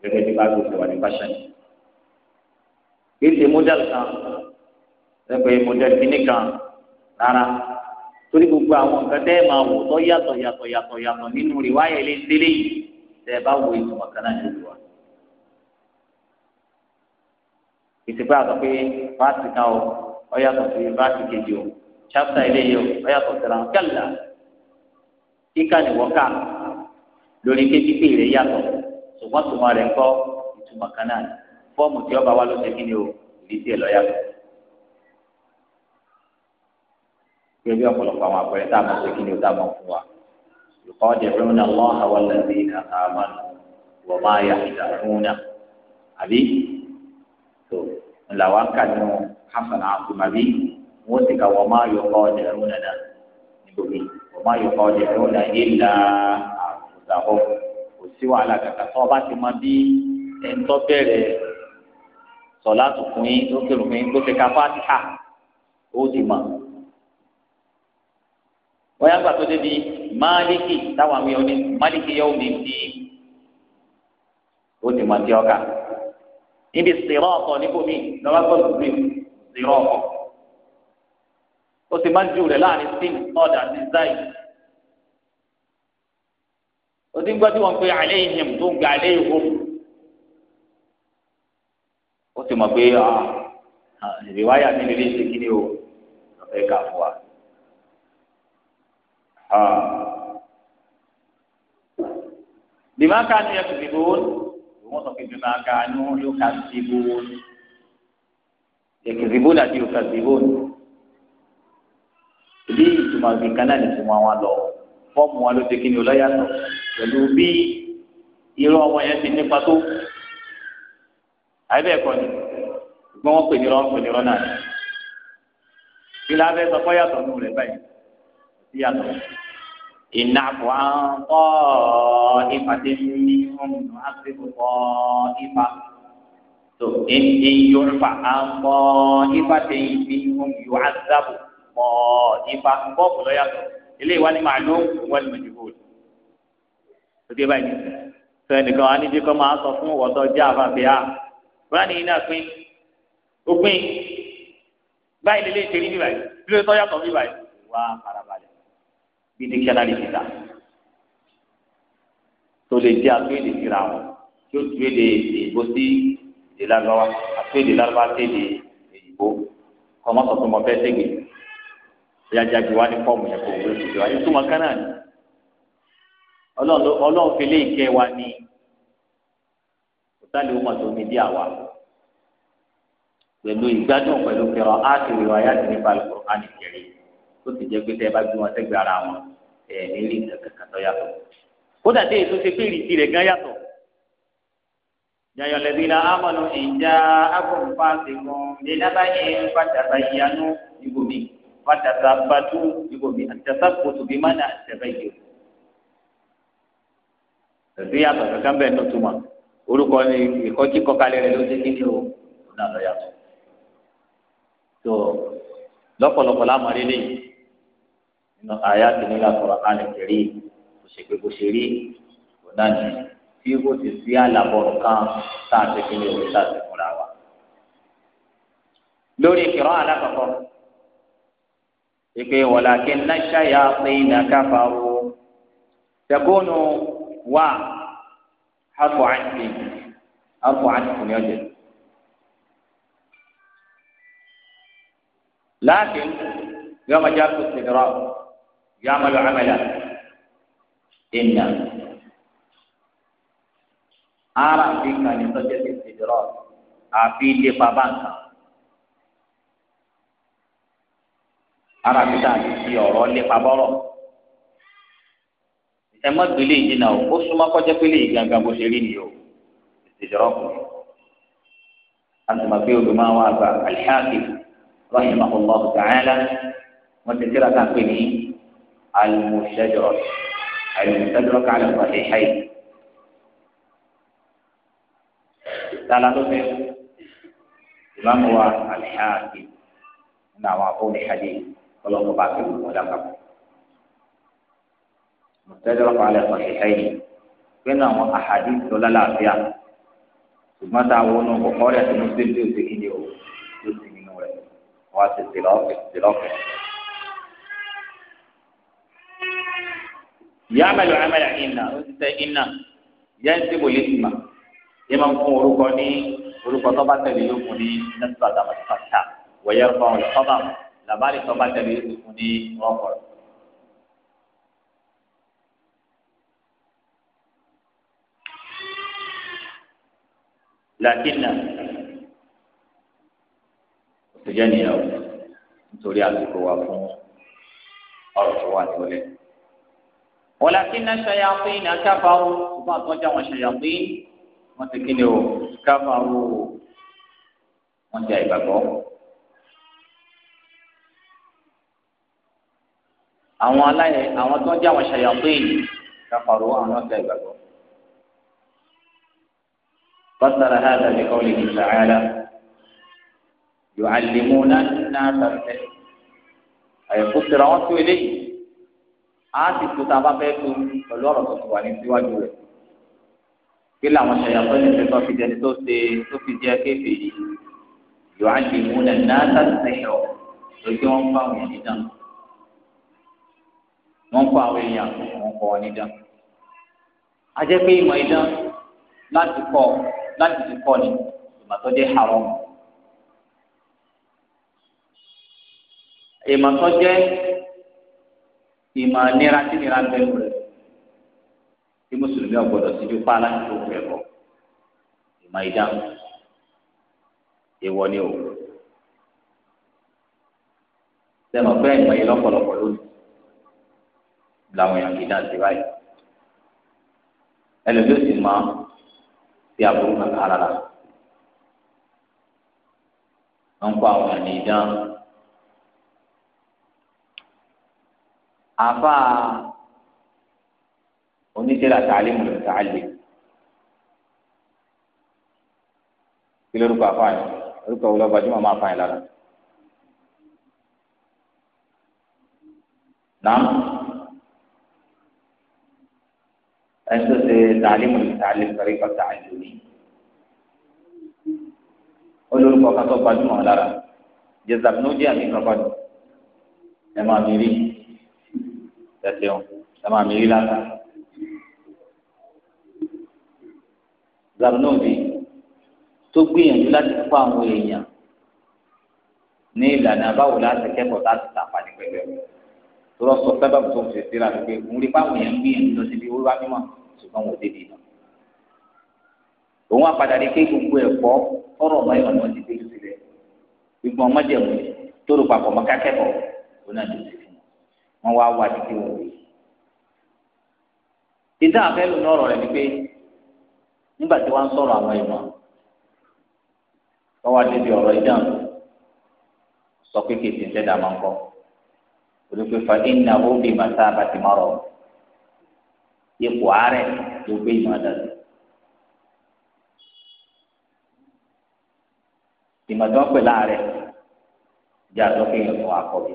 gẹ́gẹ́ bí báàgì òṣèwà ní fashion. èsì model kan lẹ́gbẹ̀ẹ́ model kìíní kan rárá torí gbogbo àwọn nǹkan tẹ́ ẹ̀ máa wò tó yàtọ̀ yàtọ̀ yàtọ̀ yàtọ̀ nínú rìwáyà ilé ìdílé yìí tẹ́ ẹ bá wo ìtumọ̀ kan náà nílùú wa. ìsìnkú àtọ pé fáàsì kan o ọyàtọ̀ sí fáàsì kejì o ṣáfítà eléyìí o ọyàtọ̀ síra wọn kẹlẹ kíkà ní wọ́kà lórí kékeré rẹ yàtọ̀ ṣùgbọ́n tùmọ̀ rẹ̀ ń kọ́ ìtumọ̀ kan náà fọ́ọ̀mù tí ọba wa ló ṣe kí ni o ìdíje lọ yàtọ̀. bí ọ̀pọ̀lọpọ̀ àwọn àpẹẹrẹ tá a máa ṣe kí ni o tá a máa fún wa. yuqādirūna Allāha wallazīna āmanū wa làwọn kà nínú hasan àtùmàbí wọ́n ti ka wọ́n máa yọ kọ́ ọ̀dẹ̀ ẹ̀rú nàdà nítorí wọ́n máa yọ kọ́ ọ̀dẹ̀ ẹ̀rú nàdà ìlà àbùsàkọ́ kò sí wàhálà kàkà ti máa bí ẹ̀ńtọ́ bẹ̀rẹ̀ sọ̀lá tó fún yín tó kéré fún yín tó ti ti mọ̀ wọ́n yàgbà tó débi máàlìkì táwọn àwọn yẹn ó ní máàlìkì yẹn ó ní bí ti mọ̀ níbi sèrọ ọkọ níbomi lọ́wọ́ pẹ̀lú ìgbé sèrọ ọkọ ó sì máa ń ju rẹ̀ láàrin sin ọ̀dà àti zayi ó ti ń gbọ́ tí wọ́n pe àlẹ́ ìhìn tó ń ga àlẹ́ ìhó ó sì mọ̀ pé ah, ah, ìrìwáyà mi lè ṣe kí o ẹ kà fún wa bìmákà ni ẹ kò wọn wọ́n sọ pé bí máa ga ní yóò ká dìbò èkìtìbò láti yóò ká dìbò ní. ìdí ìtumọ̀ nǹkan náà ní tiwọn wọn lọ fọ́ọ̀mù wọn ló ti kí ni ọlọ́yàtọ̀ pẹ̀lú bí irọ́ ọmọ yẹn ti nípa tó àìbẹ́ẹ̀kọ́ ni ṣùgbọ́n wọ́n pè ní irọ́ pè ní irọ́ náà. ìlà abẹ́ sọ nù rẹ̀ báyìí sí ìnàbọ̀ àǹkọ́ ìpàdé mi ọ̀hún àfihàn kọ́ ìfà tó ẹni yorùbá àǹkọ́ ìpàdé mi ọ̀hún yóò àdàbò kọ́ ìfà bọ́ọ̀bù lọ́yàtọ̀ ilé ìwà ni màálù wọ́n ni màjú bòlù. ó dé báyìí nìyẹn sọ ẹnìkan wa níbi kọ́ máa sọ fún wọ́tọ́ jẹ́ àfàbíà ah, wọ́n á ní iná pín òpin báyìí lélẹ́yìn tẹ̀lé bíbáyìí bí ló tọ́ yàtọ̀ bíbáyìí wá farabalẹ̀ bí dictionary kíkà tó lè jẹ́ àtúwèdè síra wọn tí ó tu èdè èyìnbó sí èdè lárúbáwá àtúwèdè lárúbáwá sí èdè èyìnbó ọmọ sọ pé mo fẹ́ ségbè ìyájà ju wá ní fọ́ọ̀mù yẹn kò wúlò síbi wá yóò túmọ̀ kánà ni ọlọ́run fi lé ìkẹ́ wa ni òtálẹ̀ ọmọ tó mi dí àwa pẹ̀lú ìgbádùn pẹ̀lú kẹrọ áàtì ìwà yá ti nípa Al-Qur'an Al-Karim tó ti jẹ́ pé tẹ́ ẹ bá gbé wọn sẹ́gbẹ̀ẹ́ ara wọn ẹ̀ nílé ìtẹ̀kẹ̀ kan tó yàtọ̀. kódà tí èso ṣe pé ìrìtì rẹ̀ gan yàtọ̀. yàyọ̀ lẹ́bí la amọ̀nù ìjà agbóhùnfà ti gun ní lábáyé fàtàbà ìyanu ibòmí fàtàbà bàtú ibòmí àtàtà kòtò bí mánà àtàbà ìyò. ẹ̀sì yàtọ̀ kankan bẹ́ẹ̀ ní òtún wa orúkọ ni ìkọ́jí kọkalẹ̀ rẹ̀ ló ṣe kí ni o ọ̀nà nínú àyà tó nílà Al-Qur'an Al-Karim kò ṣe pé kò ṣe rí kò náà ní tí kò sì sí àlàbọ̀rọ̀ kan tá a ti fi ní òwe tá fúnra wa. lórí ìkìrọ̀ alákọ̀ọ́kọ́ ìpè walakinna ash-shayatina kafaru takunu wà hàpọ̀ àti hàpọ̀ àti kùnìyàn jẹ. لكن يوم جاء استدراك يعمل عملا إن أرى فيك أن يصدق الاستدراك أفيد فبانك أرى فيك أن يصدق الاستدراك ẹ má gbélé yìí náà ó súnmọ́ kọjá pélé yìí gangan bó ṣe rí nìyó ìṣèjọrọkù àtùmọ̀pé olùmọ̀wá àgbà alihaki rahimahullah ta'ala wọn ti tíra ká pè ní المستدرك المستدرك على الصحيحين ثلاثة إمام هو الحاكم نعم قول حديث ولو باقي الملقب مستدرك على الصحيحين pẹ̀lú àwọn àhàdí tó lálàáfíà ṣùgbọ́n tá a wọnú Bukhari àti Muslim tí o ti kí ni o tó ti nínú rẹ̀ wọ́n á ti tìlọ́ọ̀kẹ́ tìlọ́ọ̀kẹ́. yàmẹlú amẹlẹ iná ó ti tẹ iná yẹn ti wòlé ti ma yẹn máa ń fún orúkọ ní orúkọ tó bá tẹ̀lé yóò fún ní nẹ́tíwá dàmà tó fàtà fún ọ̀rọ̀ tọ́ba làbárí tó bá yóò fún ní ọkọ̀. làkínà òṣèjẹ́ nìyàwó nítorí àsìkò wa fún ọ̀rọ̀ tó wà níwọlé. ولكن الشياطين كفروا سبحان جمع الشياطين وتكلوا oh، كفروا وجاي بابو àwọn aláyẹ àwọn tó ń jẹ àwọn ṣayàpéyì káfàró àwọn ọjà ìgbàgbọ́. فسر هذا بقوله تعالى يعلمون الناس السحر أي فسر وصف إليه á sì tó tá a bá fẹ́ tó pẹ̀lú ọ̀rọ̀ tó wà ní síwájú rẹ̀ kí làwọn ṣàyàtọ̀ ní ṣe tó fi jẹ tó ṣe tó fi jẹ kéfì yìí yóò á di múlẹ̀ náà láti ṣe ọ̀ lórí kí wọ́n fáwọn èèyàn nídàn wọ́n kọ́ àwọn èèyàn wọ́n kọ́ wọn nídàn a jẹ́ pé ìmọ̀ idán láti kọ́ láti ti kọ́ ni ìmọ̀ tó jẹ́ haram ìmọ̀ tó jẹ́ ìmọ̀ nira tí nira ń bẹ lù rẹ̀ tí mùsùlùmí ọ̀gbọ́dọ̀ síjú pálá tó kù ẹ̀kọ́ ìmọ̀ ìdáhùn ìwọ ni o sẹ́nu ọ̀fẹ́ ìmọ̀ yìí lọ́pọ̀lọpọ̀ lónìí làwọn èèyàn kì í dáhùn sí báyìí ẹlòmíì ó sì máa fi àbúrò kankan rárá wọn kọ àwọn èèyàn ìdáhùn. àfa oníṣẹ́lá tàlímù lọ tàlí kí lórúkọ àfa yẹn orúkọ wọlé ọgbàjúmọ̀ máa fa yẹn lára. nàám ẹni tó ṣe tàlímù lọ tàlí pẹ̀lú ìkọ́ tàlí ní olórúkọ kan tó gbajúmọ̀ lára jẹ́sàbínú jẹ́ àmì kan fọ́dún máa mi rí tẹ̀sẹ̀ wọn ẹ máa mi rí lásán. Zanubi tó gbìyànjú láti kọ́ àwọn èèyàn ní ìlànà báwo láti kẹ́kọ̀ọ́ láti tàǹfààní pẹ̀lú ẹ̀ tó lọ sọ sábàbù tó ń fi síra pé òun rí báwọn èèyàn gbìyànjú lọ síbi wíwá mímọ́ ṣùgbọ́n wọn ò débi ìmọ̀ òun apàdà rí pé gbogbo ẹ̀kọ́ ọ̀rọ̀ ọ̀mọ́ ìwà ti gbé sílẹ̀ gbogbo ọmọdé ọ̀hún tó rò papọ̀ mọ́ kákẹ́kọ̀ọ́ òun náà wọn wá wá títí wọn wí. títí àfẹ́lù náà rọ̀ rẹ̀ ni pé nígbà tí wọ́n ń sọ̀rọ̀ àwọn ìmọ̀ wọ́n wá débi ọ̀rọ̀ ìdáhùn sọ pé kìí ṣe dá máa ń kọ́ olùpẹ̀fà iná ó bí màtá àbàtì mọ́rọ̀ ipò àárẹ̀ ló gbé ìmọ̀ àdàlù. ìmọ̀ tí wọ́n pè láàárẹ̀ jẹ́ àtọ́kẹ́yìn fún akọ̀bí.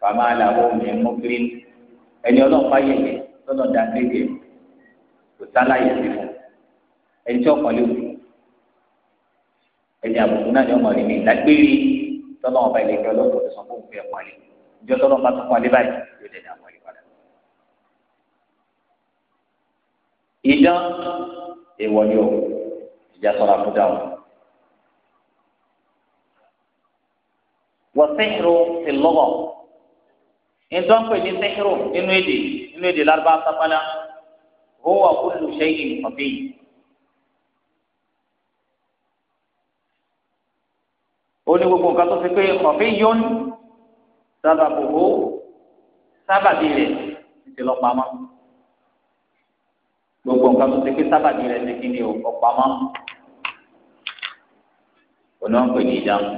fàmà àlàó mi mọ́kiri ẹni ọlọ́run bá yẹ̀yẹ̀ lọ́nà dàgbẹ́gẹ̀ kò sálàyé sí fún ẹni tí ọkàn lè wù ẹni àbùkù náà ni ọmọ rẹ mi lágbèrè tọ́lọ́ ọba ilé ìjọ lọ́tọ̀ tó sọ fún òun fẹ́ pọ́nlé ìjọ tọ́lọ́ bá tó pọ́nlé báyìí yóò dẹ̀ dà padà. ìdán èèwọ̀ o ìjà sọ̀rọ̀ àfúdà o. wọ́n sẹ́yìn ro ti lọ́wọ́ nítorí pé ní sẹ́kìrò nínú èdè nínú èdè lárúbá sápálá ó wà kullu shay'in ọ̀bí. ó ní gbogbo nǹkan tó fi pé ọ̀bí yón sábà bòbó sábàbí rẹ̀ ti lọ pamọ́ gbogbo nǹkan tó ti pé sábàbí rẹ̀ ti kíni ò pamọ́ ònà ń pè ní ìdáhùn.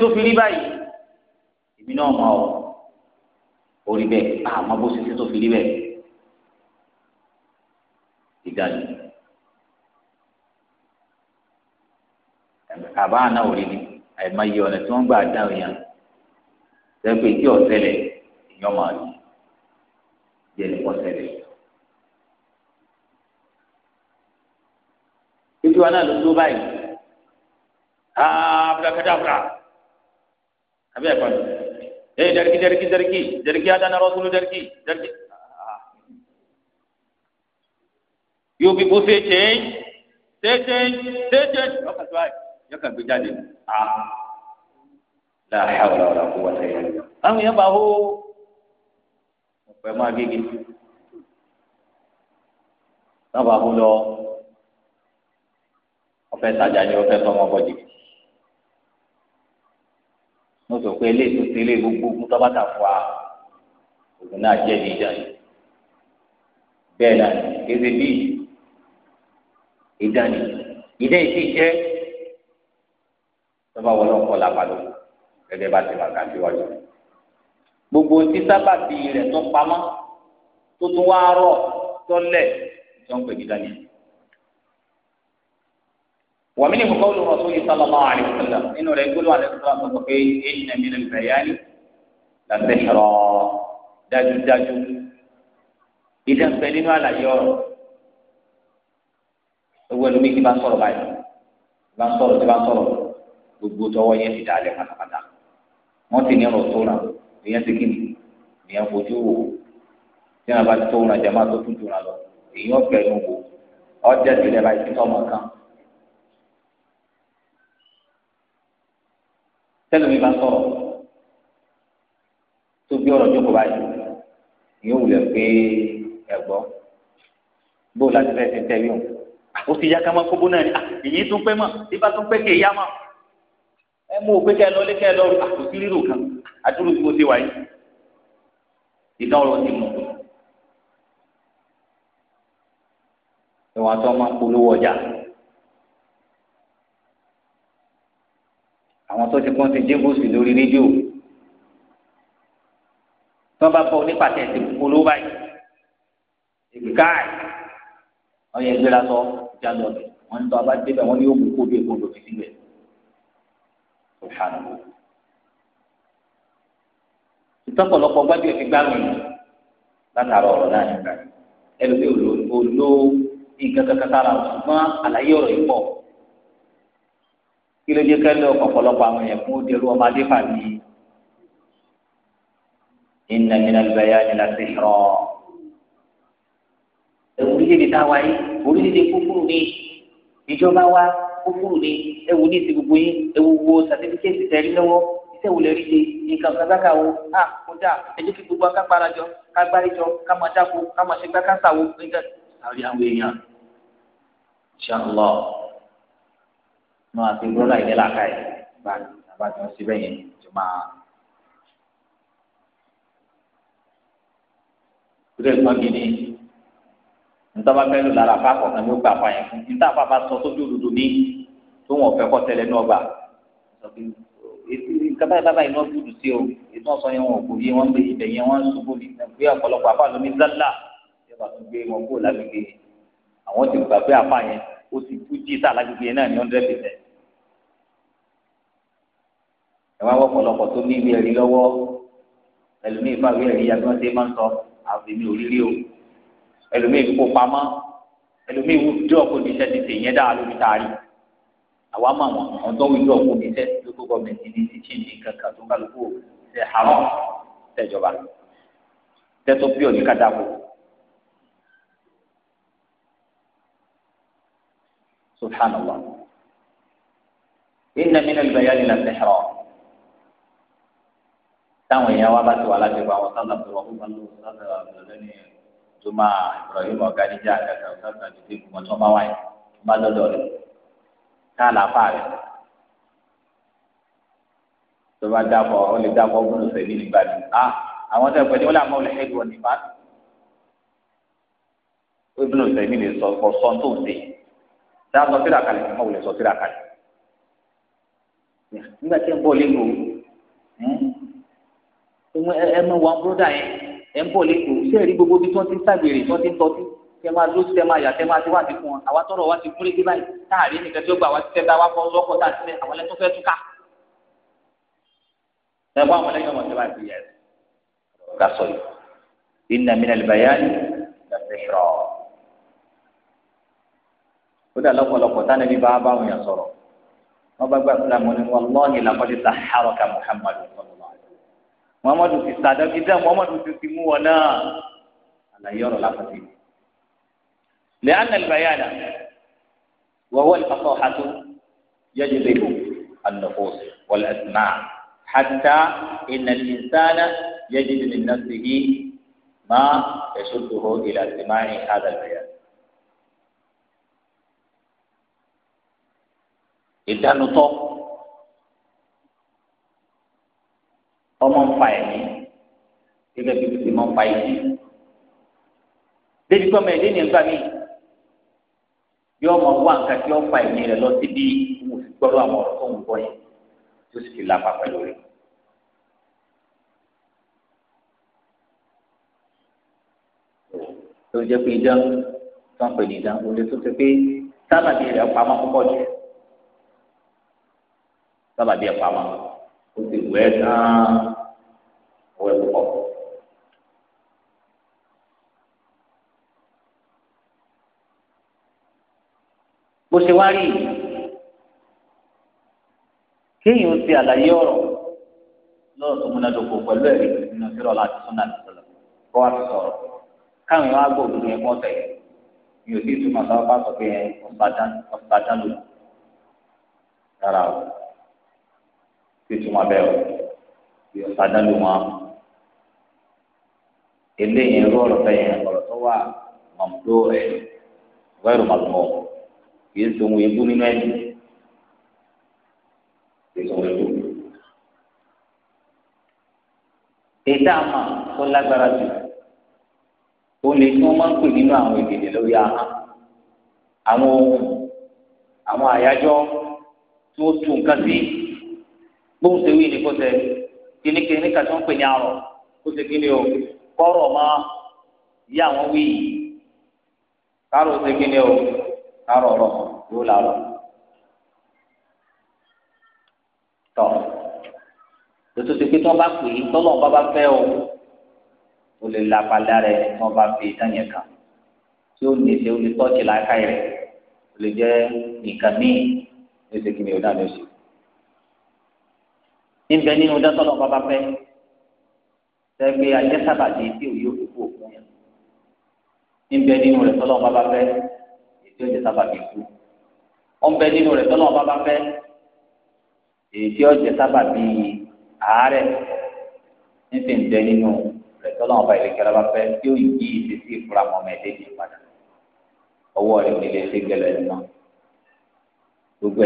tó fi rí báyìí iná ọmọ ọ orí bẹ́ẹ̀ àmọ́ bó ṣe ṣe tó fi rí bẹ́ẹ̀ ìdájọ́ àbá àná òrí ni àìmọye ọ̀nà tí wọ́n gbà dá òyìn sẹ́pẹ̀ tí ọ̀sẹ̀lẹ̀ èèyàn máa rí jẹ́ nípa ọ̀sẹ̀lẹ̀. ibi wa náà ló tó báyìí abúlé àbí ẹ̀kọ́ ni ee dẹriki dẹriki dẹriki dẹriki adana rọsulu dẹriki dẹriki yóò bí bóse tẹ tẹ tẹ tẹ tẹ yọkà tó ayé yọkà gbé jáde a la hawla wala quwwata illa billah àwọn yẹn bá hó ọpẹ máa gègé náà bá hó lọ ọfẹ sàjà ni ọfẹ sọmọ bọjì mo sọ pé ilé ìtòsí ilé gbogbo ogun tó bá tà fún wa ogun náà jẹ́ ìdíjà yìí bẹ́ẹ̀ náà kéde bíi ìdánì ìdá ìsì jẹ́ tọ́ba wọlé ọkọ̀ làbàlọ́ gẹ́gẹ́ bá ti máa kà síwájú gbogbo tí sábàbí rẹ̀ tó pamọ́ tó tún wá rọ̀ tọ́lẹ̀ tó ń pè ní dánìyàn. ومنه قول الرسول صلى الله عليه وسلم إنه يقول عليه الصلاة والسلام إن من البيان لسحرا داجو داجو إذا بلين على يور owó ẹlòmí ti bá sọ̀rọ̀ báyìí ti bá sọ̀rọ̀ ti bá sọ̀rọ̀ gbogbo tọwọ́ yẹn ti dàlẹ̀ pátápátá wọ́n ti ní ọ̀rọ̀ tó rà ìyẹn ti kíni ìyẹn fojú wò tí wọ́n bá tó rà jẹ́ máa tó tún jù rà lọ èyí ọ̀pẹ̀ ló wò ọjà ìdílé báyìí ti tọ́ ọmọ kan tẹ́lẹ̀ mi bá sọ̀rọ̀ tó bí ọ̀rọ̀ jókòó báyìí yóò wulẹ̀ pé ẹ̀gbọ́ bó o láti fẹ́ẹ́ ti tẹ́ yóò ó ti yá ká má kóbó náà ni èyí ah, tún pé mọ̀ bí bá tún pé kéè yá mọ̀ ẹ mú o pé kẹ́ lọ lé kẹ́ lọ àkùsí ah, rírò kan àdúró tí mo ti wà yìí ìdá ọ̀rọ̀ ti mọ̀ ìwọ̀n àti ọmọ polówó ọjà. àwọn tó ti kún ti jébùsì lórí rédíò tí wọn bá bọ onípàtẹ ti polówó báyìí ìgbìkáì ọyẹ ìgbéra sọ ìjà lọ bẹ wọn ní tó a bá débẹ̀ wọn ní yóò mú kó bí èkó lòdì síbẹ̀ òṣàlù ìtọpọlọpọ gbájú ẹ fi gbárùn yìí látara ọ̀rọ̀ náà nígbà ẹlòmíì olóò nǹkan kankan sára ṣùgbọ́n àlàyé ọ̀rọ̀ yìí pọ̀ kí ló dé kẹ́lẹ́ ọ̀pọ̀lọpọ̀ àwọn èèyàn fún òde irú ọmọdé fàmí. inna minal bayani la sihra. ẹ̀wù orílẹ̀-èdè tá a wáyé orílẹ̀-èdè kúkúrú ni ìjọba wa kúkúrú ni ẹ̀wù ní ti gbogbo yín ẹ̀wù wo sàtífíkẹ́tì tẹ̀rí lọ́wọ́ iṣẹ́ wo lè rí ṣe nǹkan kan wo a kò dáa ẹjọ́ kí gbogbo akápára jọ kágbárí jọ ká máa dáko ká máa ṣe gbá ká sàwo nígbà àwọn èèyàn. inshallah nù àti bọ́lá ilé làkà yìí bá bá tí wọ́n ṣe bẹ́ẹ̀ yẹn tó máa. Ìrẹ̀ kan gidi ntọ́ba fẹ́ lò lára apá kọ̀ọ̀kan ló gbà fáyẹn fún níta àpapà sọ sójú òdodo ní tó wọn fẹ́ kọ́ tẹ́lẹ̀ náà gbà. Nǹkan báyìí bábà iná gbùdù sí o ètò ọ̀sán yẹn wọn ò kò yé wọn gbé ibẹ̀ yẹn wọn ṣubú ní ìgbé ọ̀pọ̀lọpọ̀ apá lómi zálà ìjọba tó gbé wọn kó lágbègbè àwọn ti gbà pé apá yẹn ó ti kú jí sáà lágbègbè náà ní hundred percent ẹ wá wọ́pọ̀lọpọ̀ tó ní ìwé ẹ̀rí lọ́wọ́ ẹlòmíì fáwé ẹ̀rí yagbọ́n ṣe máa ń sọ àbẹ̀mí òrírí o ẹlòmíì kó pamọ́ ẹlòmíì wù dúró kó ní ti tè yẹn dáa lórí taari àwa máa wọn àwọn tó wù dúró kó ní iṣẹ́ lókò gọ́ọ̀mẹ̀ntì ní ti tí ní kankan tó kálukú ṣe àmọ́ tẹ̀jọba tẹ́tọ́ bí òní kàdáko. subhanallah inna min táwọn èèyàn wa bá ti wà lágbègbè àwọn sábà tó wà fún sábà lọ́dọ́ni tó máa ìbùrọ̀yìn ọ̀gáníjà àgàgà sábà dídé ìgbìmọ̀ tó bá wáyé bá lọ́dọ̀ rẹ̀ ká àlàáfà rẹ̀ tó bá dàpọ̀ ó lè dàpọ̀ gbọ́dọ̀ sẹ́yìn nígbà tí a ah, àwọn tẹ̀ pẹ̀lú ọ̀là mọ́lẹ̀ ẹ̀gbọ́n ní bá gbọ́dọ̀ sẹ́yìn lè sọ ọkọ̀ sọ́n tó ń dé dáàbò tírakalẹ̀ mọ́wùlẹ̀ sọ tírakalẹ̀ nígbà tí ń bọ̀ lé ẹ mọ wọn búrọ́dà yẹn ẹ ń bọ̀ lẹ́kọ̀ọ́ ṣé ẹ rí gbogbo bí tí wọ́n ti ń ṣàgbèrè tí wọ́n ti ń tọ́tí tẹ máa dúró tẹ máa yà tẹ máa ti wá ti fún wọn àwa tọrọ wa ti kúrẹ́ dé báyìí táàrí nìkan tí ó gbà wá ti tẹ́ta wá fọ́ lọ́kọ̀ tá a ti tẹ àwọn ẹlẹ́tọ́ fẹ́ túká. ẹ bá àwọn ẹlẹ́yìn ọmọ tẹ bá ti yẹ ọ̀gá sọ yìí inna min al-bayani làṣẹṣọ. ó dà lọ́pọ̀lọpọ̀ táwọn ẹbí bá bá wọn yàn sọ̀rọ̀ wọ́n bá gbà fúlàmù ni wọ́n lọ́ọ̀nì làkọ́dé muhammadu ti sàdágídá muhammadu ti ti mú wọn náà àlàyé ọ̀rọ̀ lápàtì. lẹ́yìn àlùbáyàdà wọ́wọ́ ìfàkọ́ hàtó yẹ́jẹ́ bẹ́ẹ̀ bò النفوس والأسماع حتى إن الإنسان يجد من نفسه ما يشده إلى سماع هذا البيان ìdánutọ́ ọmọ ń fa ẹ̀mí gẹ́gẹ́ bí kìsì mọ́ ń fa ìdí. Déjì tọ́mọ ẹ̀dẹ́ ní ẹgbàá mi yóò mọ wá nǹkan tí ó fa ẹ̀mí rẹ̀ lọ síbi mo fi gbọ́dọ̀ àwọn ọ̀rọ̀ tó ń gbọ́ yẹn tó sì fi lápá pẹ̀lú rẹ̀. Tó jẹ́ pé idán tó ń pè ní idán olè tó ti pé sábàbí rẹ̀ pamọ́ púpọ̀ jù sábàbí ẹ̀ pamọ́ wẹ̀ tán wẹ̀ pọ̀. bó ṣe wá rí kéèyàn ti àlàyé ọ̀rọ̀ lọ́rọ̀ tó múnádóko pẹ̀lú ẹ̀rí nínú sírọ̀ láti súnà nìkan kó wá ti sọ̀rọ̀ káwọn ìwà gbòòdù yẹn kọ́ tẹ̀ mi ò sì túmọ̀ sábà sọ pé ọ̀sán ọ̀sán lòdì rárá o sí ìtumọ̀ bẹ́ẹ̀ o bí ọ̀sán dánú wọn. eléyìí ẹ̀rọ ọ̀rọ̀ fẹ́yìn ọ̀rọ̀ tó wà mọ̀mọ́tò ẹ̀ wẹ́rù mọ̀mọ́ kì í sòwò ebú nínú ẹ̀ kì í sòwò ebú. ètò àmà tó lágbára jù ó tí wọ́n máa ń pè nínú àwọn èdè lórí ahọ́n àwọn ohun àwọn àyájọ́ tó tún nǹkan sí gbóhùn ṣe wí ni kó ṣe kíní kíní ká tó ń pè ní àrọ kó ṣe kíní o kọrọ mọ ìyá àwọn wí yìí kárò ṣe kíní o kárò rọ yóò là rọ tọ tuntun ti pé tí wọn bá pè é tọlọ bá bá fẹ o o lè la palẹ rẹ tí wọn bá fi dáyẹ kan tí ó ní o lè tọ́jú láàká o lè jẹ nǹkan míì ní ṣe kíní o dáná ṣe níbẹ̀ nínú dátọ́lọ́ bàbá fẹ́ sẹ́gbẹ́ ajẹ́sábàdì tí òye òkú òkú yẹn níbẹ̀ nínú rẹ̀ tọ́lọ́ bàbá fẹ́ ètò ajẹ́sábàdì kú ọ̀nbẹ nínú rẹ̀ tọ́lọ́ bàbá fẹ́ ètò ajẹ́sábàdì àárẹ̀ níbi ń bẹ nínú rẹ̀ tọ́lọ́ ọba ìlẹ̀kẹ́lá bá fẹ́ tí ó yí ìṣesí ìfura mọ́mẹ́ẹ́dẹ́gbẹ̀ padà ọwọ́ rẹ̀ ò ní lè ṣe gẹlẹ́ nínú gbogbo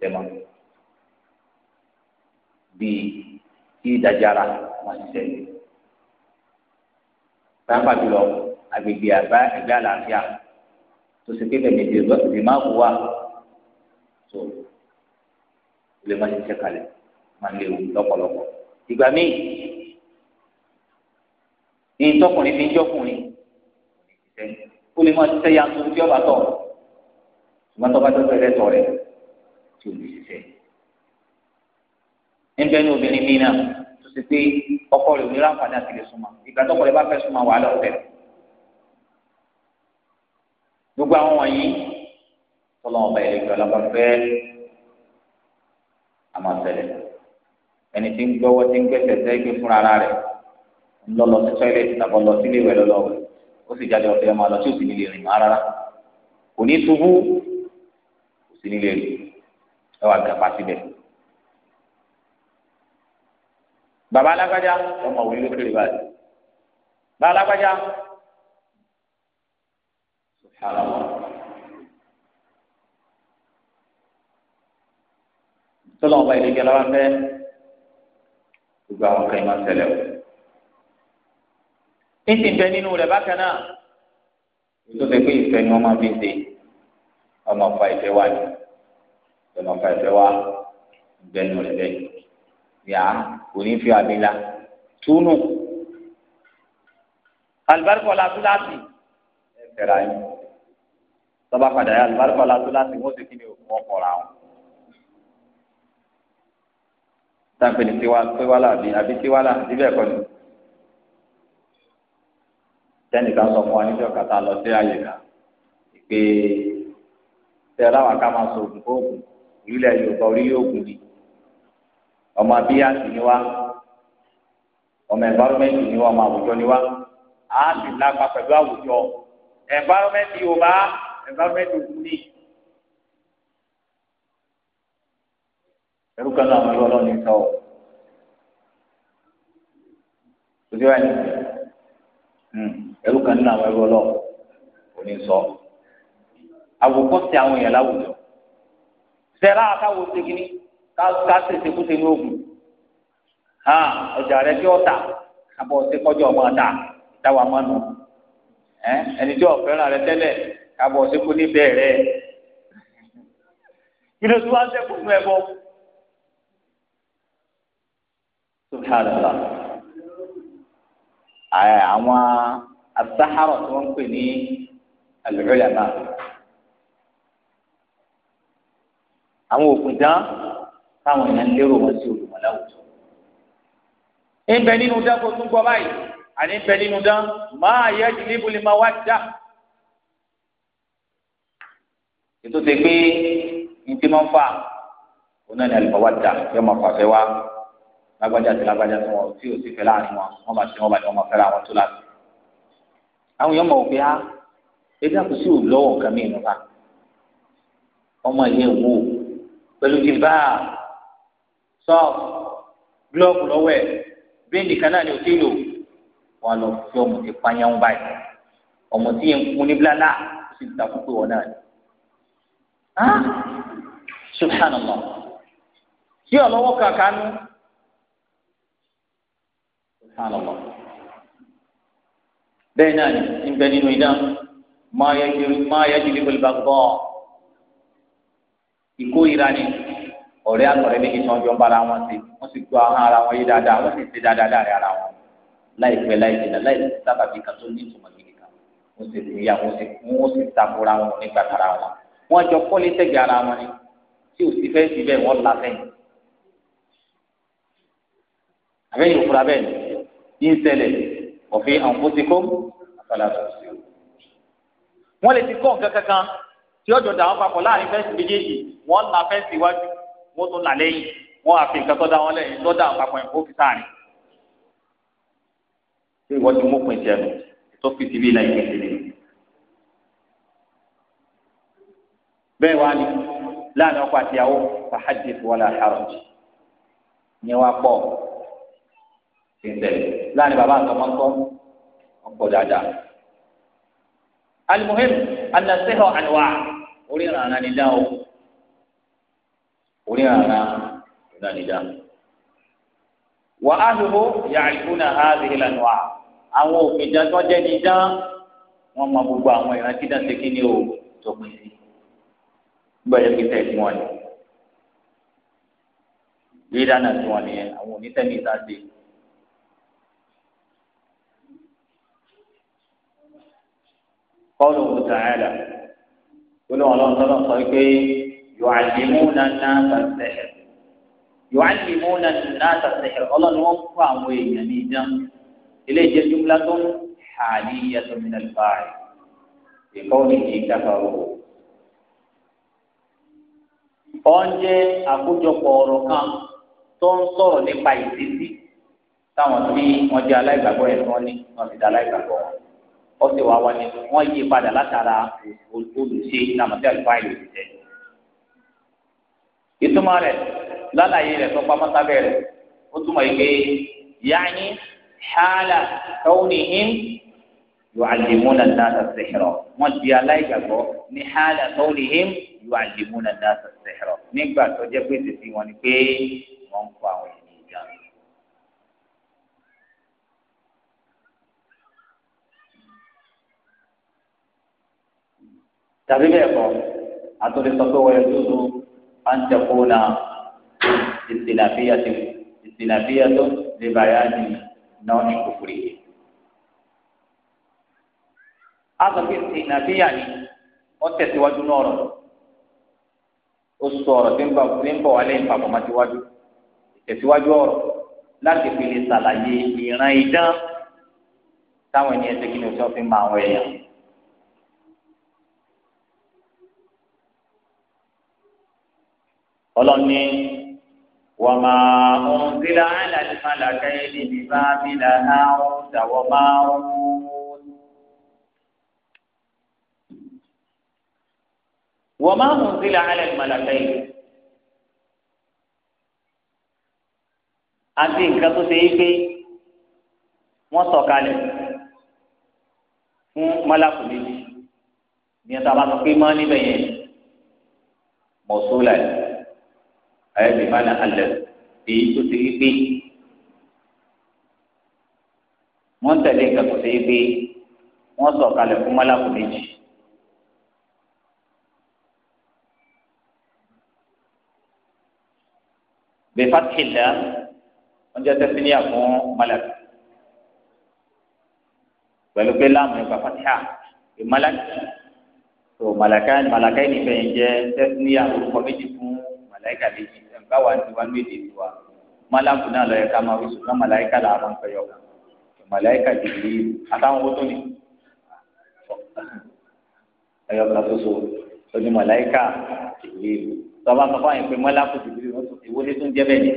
tẹmọ bíi tí ìdájára wọn ṣiṣẹ́ pàápàá jùlọ agbègbè àbá ẹgbẹ́ àlàáfíà tó ṣe pé bẹ̀rẹ̀ ìdè máa wù wá tó lè má ṣiṣẹ́ kalẹ̀ máa léwu lọ́pọ̀lọpọ̀ ìgbà míì ní tọkùnrin fi ń jọkùnrin ó lè má ṣiṣẹ́ yanturu tí ọba tọ̀ ṣùgbọ́n tọ́ba tó fẹ́rẹ́ tọ̀ rẹ̀ tí o lè ṣiṣẹ́. ẹnbẹ́ ní obìnrin mi náà tó ṣe pé ọkọ rẹ̀ ò ní ráǹfààní àti lè súnmọ́ ìgbà tọkọ rẹ̀ bá fẹ́ súnmọ́ wà lọ́tẹ̀. gbogbo àwọn wọ̀nyí tọ́lọ́wọ́n bá ẹ̀rẹ́ ìjọba bá fẹ́ àmọ̀tẹ́lẹ̀ ẹni tí ń gbọ́wọ́ tí ń gbẹ́sẹ̀ sẹ́gbẹ́ fúnra ara rẹ̀ ńlọ lọ sí tọ́ìlẹ̀tì tàbọ̀ lọ sílé ìwẹ̀ ó sì jáde ọ̀fẹ́ máa lọ tí ò sì nílé rìn má rárá kò ní ṣubú kò sì nílé rìn ẹ wà gàpá síbẹ̀. bàbá alágbájá ọmọ òwe lókèrè báyìí bàbá alágbájá tọ́lọ́ ọba ìdíje lọ́wọ́ fẹ́ gbogbo àwọn kan ìmọ̀ ṣẹlẹ̀ o. Ìsìn bẹ nínú rẹ̀ bákan náà. Ètò ìfẹ́ pé ìfẹ́ ni wọ́n máa fi ń ṣe ọmọ ọ̀fà ìfẹ́ wà ọlọ́ka ẹ̀fẹ́ wa gbẹnu rẹ̀ bẹ́ẹ̀ yà á kò ní fi àmì la túnú alibarika ọ̀la tó láti ẹ fẹ́ra yín tọ́ba padà yà alibarika ọ̀la tó láti wọ́n ti kí ni wọ́n kọ̀ra wọn. táǹpẹ̀ ní tiwa tiwala àbí àbí tiwala síbẹ̀ kọ́ni tẹnìkan sọ fún wa níjọ́ kàtà lọ sí àyè kan pé tẹ ẹ láwọn ká máa sọ ògùn fóògùn ìrìlẹ̀ yorùbá orí yóò gùn rí ọmọ abíyá sì ni wá ọmọ ẹnvárọ́mẹ́ntì ni wá ọmọ àwùjọ ni wá á sì lápá pẹ̀lú àwùjọ ẹnvárọ́mẹ́ntì yorùbá ẹnvárọ́mẹ́ntì ògùn ni. ẹrú kan náà wọn lọ lọ ní sọ òsì wáyé hmm, ẹrú kan náà wọn lọ lọ òní sọ àwòkọ́ sí àwọn èèyàn láwùjọ. sẹ́rà káwọ́ segin ká sèse ní ọjà rẹ tí ọ̀tà àbọ̀ ọ̀sẹ̀ kọjọ́ ọmọ ọ̀tà ìtawà ẹni tí ọ̀fẹ́ràn rẹ tẹ́lẹ̀ àbọ̀ ọ̀sẹ̀ kú ní bẹ́ẹ̀ kí ló tún wá ń sẹ́kù fún ẹ bọ́. subhanallah àwọn asáhárọ̀ tí ń pè ní al àwọn òkun dán táwọn èèyàn lérò wọn sí olùmọ̀ láwùjọ. ìbẹ̀ nínú dán kó tún gbọ́ báyìí àní ìbẹ̀ nínú dán máa yẹ jìlíbùlì máa wá dá. ètò ti pé ní ti máa ń fà òun náà ní àlùfáà wá dá yóò máa fà fẹ́ wá lágbájá àti lágbájá tí wọn tí ò fẹ́ láàrin wọn wọn bá ti wọn bá ní wọn máa fẹ́ ra wọn tó láti. àwọn èèyàn mọ̀ pé á ah, ẹgbẹ́ àkùsí ò lọ́wọ́ nǹkan mìíràn ọmọ ìyẹn wò ó pẹ̀lú jìlbá sọ́ọ̀f gílọ́ọ̀kù lọ́wọ́ ẹ̀ bíndì kan náà ni ò ti lò wọn lọ fi ọmọ ti pààyàn báyìí ọmọ tí yẹn ń kú ní bílálà ó sì ta púpọ̀ wọn náà ni. subhanallah tí ọlọ́wọ́ kankanú subhanallah bẹ́ẹ̀ náà ni ń bẹ nínú iná máa yẹ jìlì pẹ̀lú bàbá ìkórira ni ọ̀rẹ́ àtọ̀rẹ́ méjì tí wọ́n jọ ń bára wọn ṣe wọ́n sì gbọ́ ahọ́n ara wọn yé dáadáa wọ́n sì ṣe dáadáa láàrin ara wọn láìpẹ́ láìjìnà láì sábà bí kan tó ní ìtumọ̀ gidi kan wọ́n sì fi ya wọ́n sì wọ́n sì takora wọn nígbà tara wọn wọ́n jọ kọ́lé tẹ̀gẹ̀ ara wọn ni tí ò sí fẹ́ sí bẹ́ẹ̀ wọ́n la fẹ́yìn. àbẹ́yìn òfurá bẹ́ẹ̀ ni ní ṣẹlẹ̀ òfin àǹfóṣekóm àfàlàfà wọ́n lè ti kọ́ nǹkan wọ́n la fẹ́ǹsì iwájú wọ́n tún là lẹ́yìn wọ́n á fi nǹkan tó dá wọn lẹ́yìn tó dá àwọn papọ̀ ìfowó fi sáà ni. ṣé ìwọ ti mú pin tiẹ̀ nù tó fi síbí ilà ìpín sílẹ̀ bẹ́ẹ̀ wá ní láàrin ọkọ àti ìyàwó fàájì wọlé àṣàròjì ní wàá pọ̀ fi tẹ̀lé láàrin bàbá àtọmọ́tọ́ ọkọ̀ dáadáa. alimuhim anasehọ anuwa orí ìrànlá ni dáhùn orí ara ìdánidá. wà á lò yàrìkúnà ha lè lànà wa àwọn òfin ìdájọ́ jẹ́ ní dán wọ́n mọ gbogbo àwọn ìrántí dán ṣe kí ni o tó pín sí gbọ́dọ̀ pín tẹ̀ wọn ni ríra náà sí wọn nìyẹn àwọn onítẹ̀mí ìta ṣe. قوله تعالى قل الله صلى الله عليه وسلم yu'allimuna an-nasa as-sihr yu'allimuna an-nasa as-sihr ọlọ́ni wọ́n fún àwọn èèyàn ní ìdán ilé ìjẹ́ jumla tó ń haliyatun min al-fa'il biqawlihi kafaru. ọ̀njẹ́ àkójọpọ̀ ọ̀rọ̀ kan tó ń sọ̀rọ̀ nípa ìṣesí táwọn tí wọ́n jẹ́ aláìgbàgbọ́ ẹ̀ tí wọ́n ní wọ́n ti dá aláìgbàgbọ́ wọn ó sì wá wọlé wọ́n yí padà látara olùṣe ìlànà tí àlùfáà ìlú ti tẹ̀ ìtumọ̀ rẹ̀ lálàyé rẹ̀ tó pamọ́ sábẹ́ rẹ̀ ó túmọ̀ yìí pé yaani xaala kawnihim yu'allimuna an-nasa as-sihra wọ́n di aláìgbàgbọ́ ní xaala kawnihim yu'allimuna an-nasa as-sihra nígbà tó jẹ́ pé tètè wọn ni pé wọ́n ń àwọn ènìyàn jọ. tàbí bẹ́ẹ̀ kọ́ àtúndì sọ pé wọ́n yẹ tuntun. أن تكون استلافية استلافية لبيان نوع كفره هذا في استئنافية يعني wọ́n tẹ̀síwájú náà rọ̀ ó sọ ọ̀rọ̀ tí ń bọ̀ tí ń bọ̀ wálé ń papọ̀ máa tiwájú tẹ̀síwájú ọ̀rọ̀ láti fi lè ṣàlàyé ìran idán táwọn ènìyàn ṣe kí ni oṣù ọ̀fìn máa wọ ẹ̀yàn. ọlọ́ni wà máa ń sílá àlàlímàlà káyéèdè ní bábílà náà ń dàwọ́ máa ń wú. wọ́n máa ń sílá àlàlímàlà káyéèdè. àti nǹkan tó ṣe é gbé wọ́n sọ̀kalẹ̀ fún mọ́làkù méjì ní ẹ̀ta bá sọ pé mọ́ níbẹ̀ yẹn mọ̀ọ́sọ́lá yìí ayé lè má na alẹ èyí tó ti rí pé wọn tẹ̀lé nǹkan tó ti rí pé wọn sọ kalẹ̀ fún mọlákù méjì. bifati la wọn jẹ tẹsíníyà fún mọlákù pẹ̀lú pé láàmú nípa fatiha ìmọlákù tó mọlákà ní ìfẹ̀yìn jẹ tẹsíníyà orúkọ méjì fún mọlákà méjì báwa ti wá méjì ti wá malaku náà lọ́yẹ ká máa wí ṣùgbọ́n màláìka là á máa ń pẹ́ yọ màláìka jìbìlì àtàwọn owó tó ní ẹyọ kan ṣoṣo lóní màláìka jìbìlì tọ́ba sọ fún àyìnpé malaku jìbìlì ìwọlé tó ń jẹ́ bẹ́ẹ̀ ni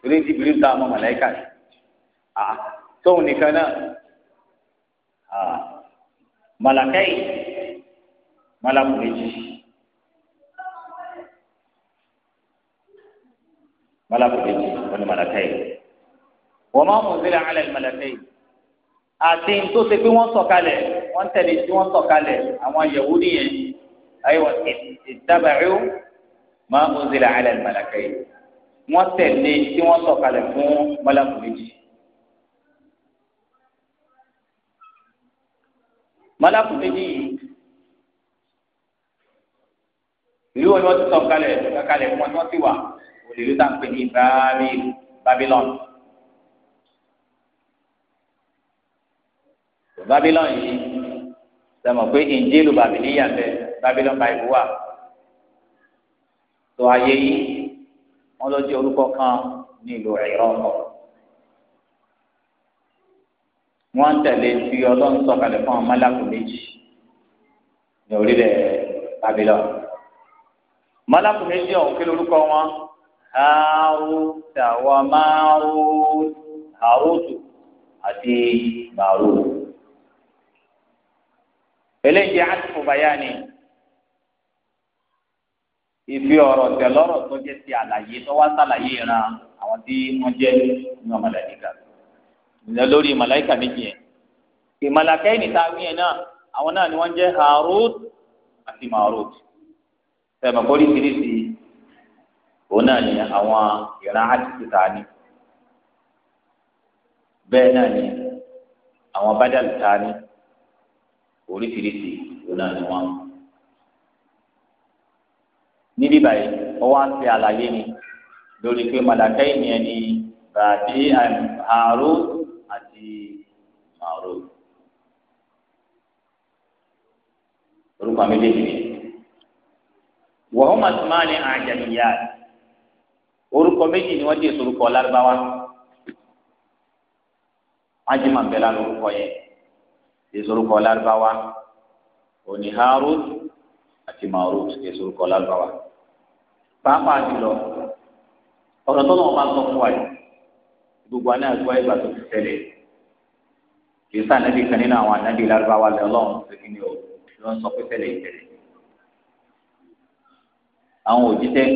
torí jìbìlì tó àwọn màláìka ni tóun nìkan náà malakai malaku méjì. malaku méjì wọn ni malaka yìí wọn máa mú sílẹ̀ alẹ malaka yìí àti tó ṣe pé wọn sọ̀kalẹ̀ wọn tẹ̀lé tí wọn sọ̀kalẹ̀ àwọn yahudi yẹn ayiwa ìdábàáyó máa mú sílẹ̀ alẹ malaka yìí wọn tẹ̀lé tí wọn sọ̀kalẹ̀ fún malaku méjì. malaku méjì wọn ti sọ̀kalẹ̀ sọ̀kalẹ̀ wọn ti wà òlìlú tá à pè ní Babylon. Babylon yìí sọmọ pé ìjẹ́lu bàbílíyà bẹ́ẹ̀ Babylon Bible wà. tó ayé yìí wọ́n lọ jẹ́ orúkọ kan ní ìlú ẹ̀rọ ọkọ̀. ń tẹ̀lé fi ọlọ́run sọ̀kalẹ̀ fún àwọn mọ́lákù méjì ní orílẹ̀ Babylon. mọ́lákù méjì ọ̀hún kí lórúkọ wọn haruta wa marut harutu àti marut. eléyìí jẹ́ àtúntò bayani ìfi ọ̀rọ̀ tẹ̀lọ́rọ̀ tó jẹ́ ti àlàyé tó wá sàlàyé ìran àwọn tí wọ́n jẹ́ nínú màláíkà ìyẹn lórí màláíkà méjì yẹn ìmàlàkẹ́ ìnìta wíyẹn náà àwọn náà ni wọ́n jẹ́ harut àti marut tẹ̀mọ̀kórìtìrìtì òun náà ni àwọn ìran àtìkù tá a ní bẹ́ẹ̀ náà ni àwọn bádàlù tá a ní oríṣiríṣi òun náà ni wọ́n. níbí báyìí ọwọ́ á ṣe àlàyé ni lórí pé màlàkà ènìyàn ni bàbí àrò àti màrò. orúkọ méjèèjì ni wọ́n máa tún máa ní àjàmìyá orúkọ méjì ni wọ́n dé sorúkọ lárúbáwá ájímà ń bẹ lórúkọ yẹn dé sorúkọ lárúbáwá òní harut àti marut dé sorúkọ lárúbáwá pàápàá jùlọ ọ̀rọ̀ tó náà máa sọ fún wa yìí gbogbo àná àgbà ìgbà tó ti tẹ̀lé kìí sáà nàbì kan nínú àwọn ànábì lárúbáwá lẹ ọlọ́run tó ni o ló ń sọ pé tẹ̀lé ìtẹ̀lé àwọn òjíṣẹ́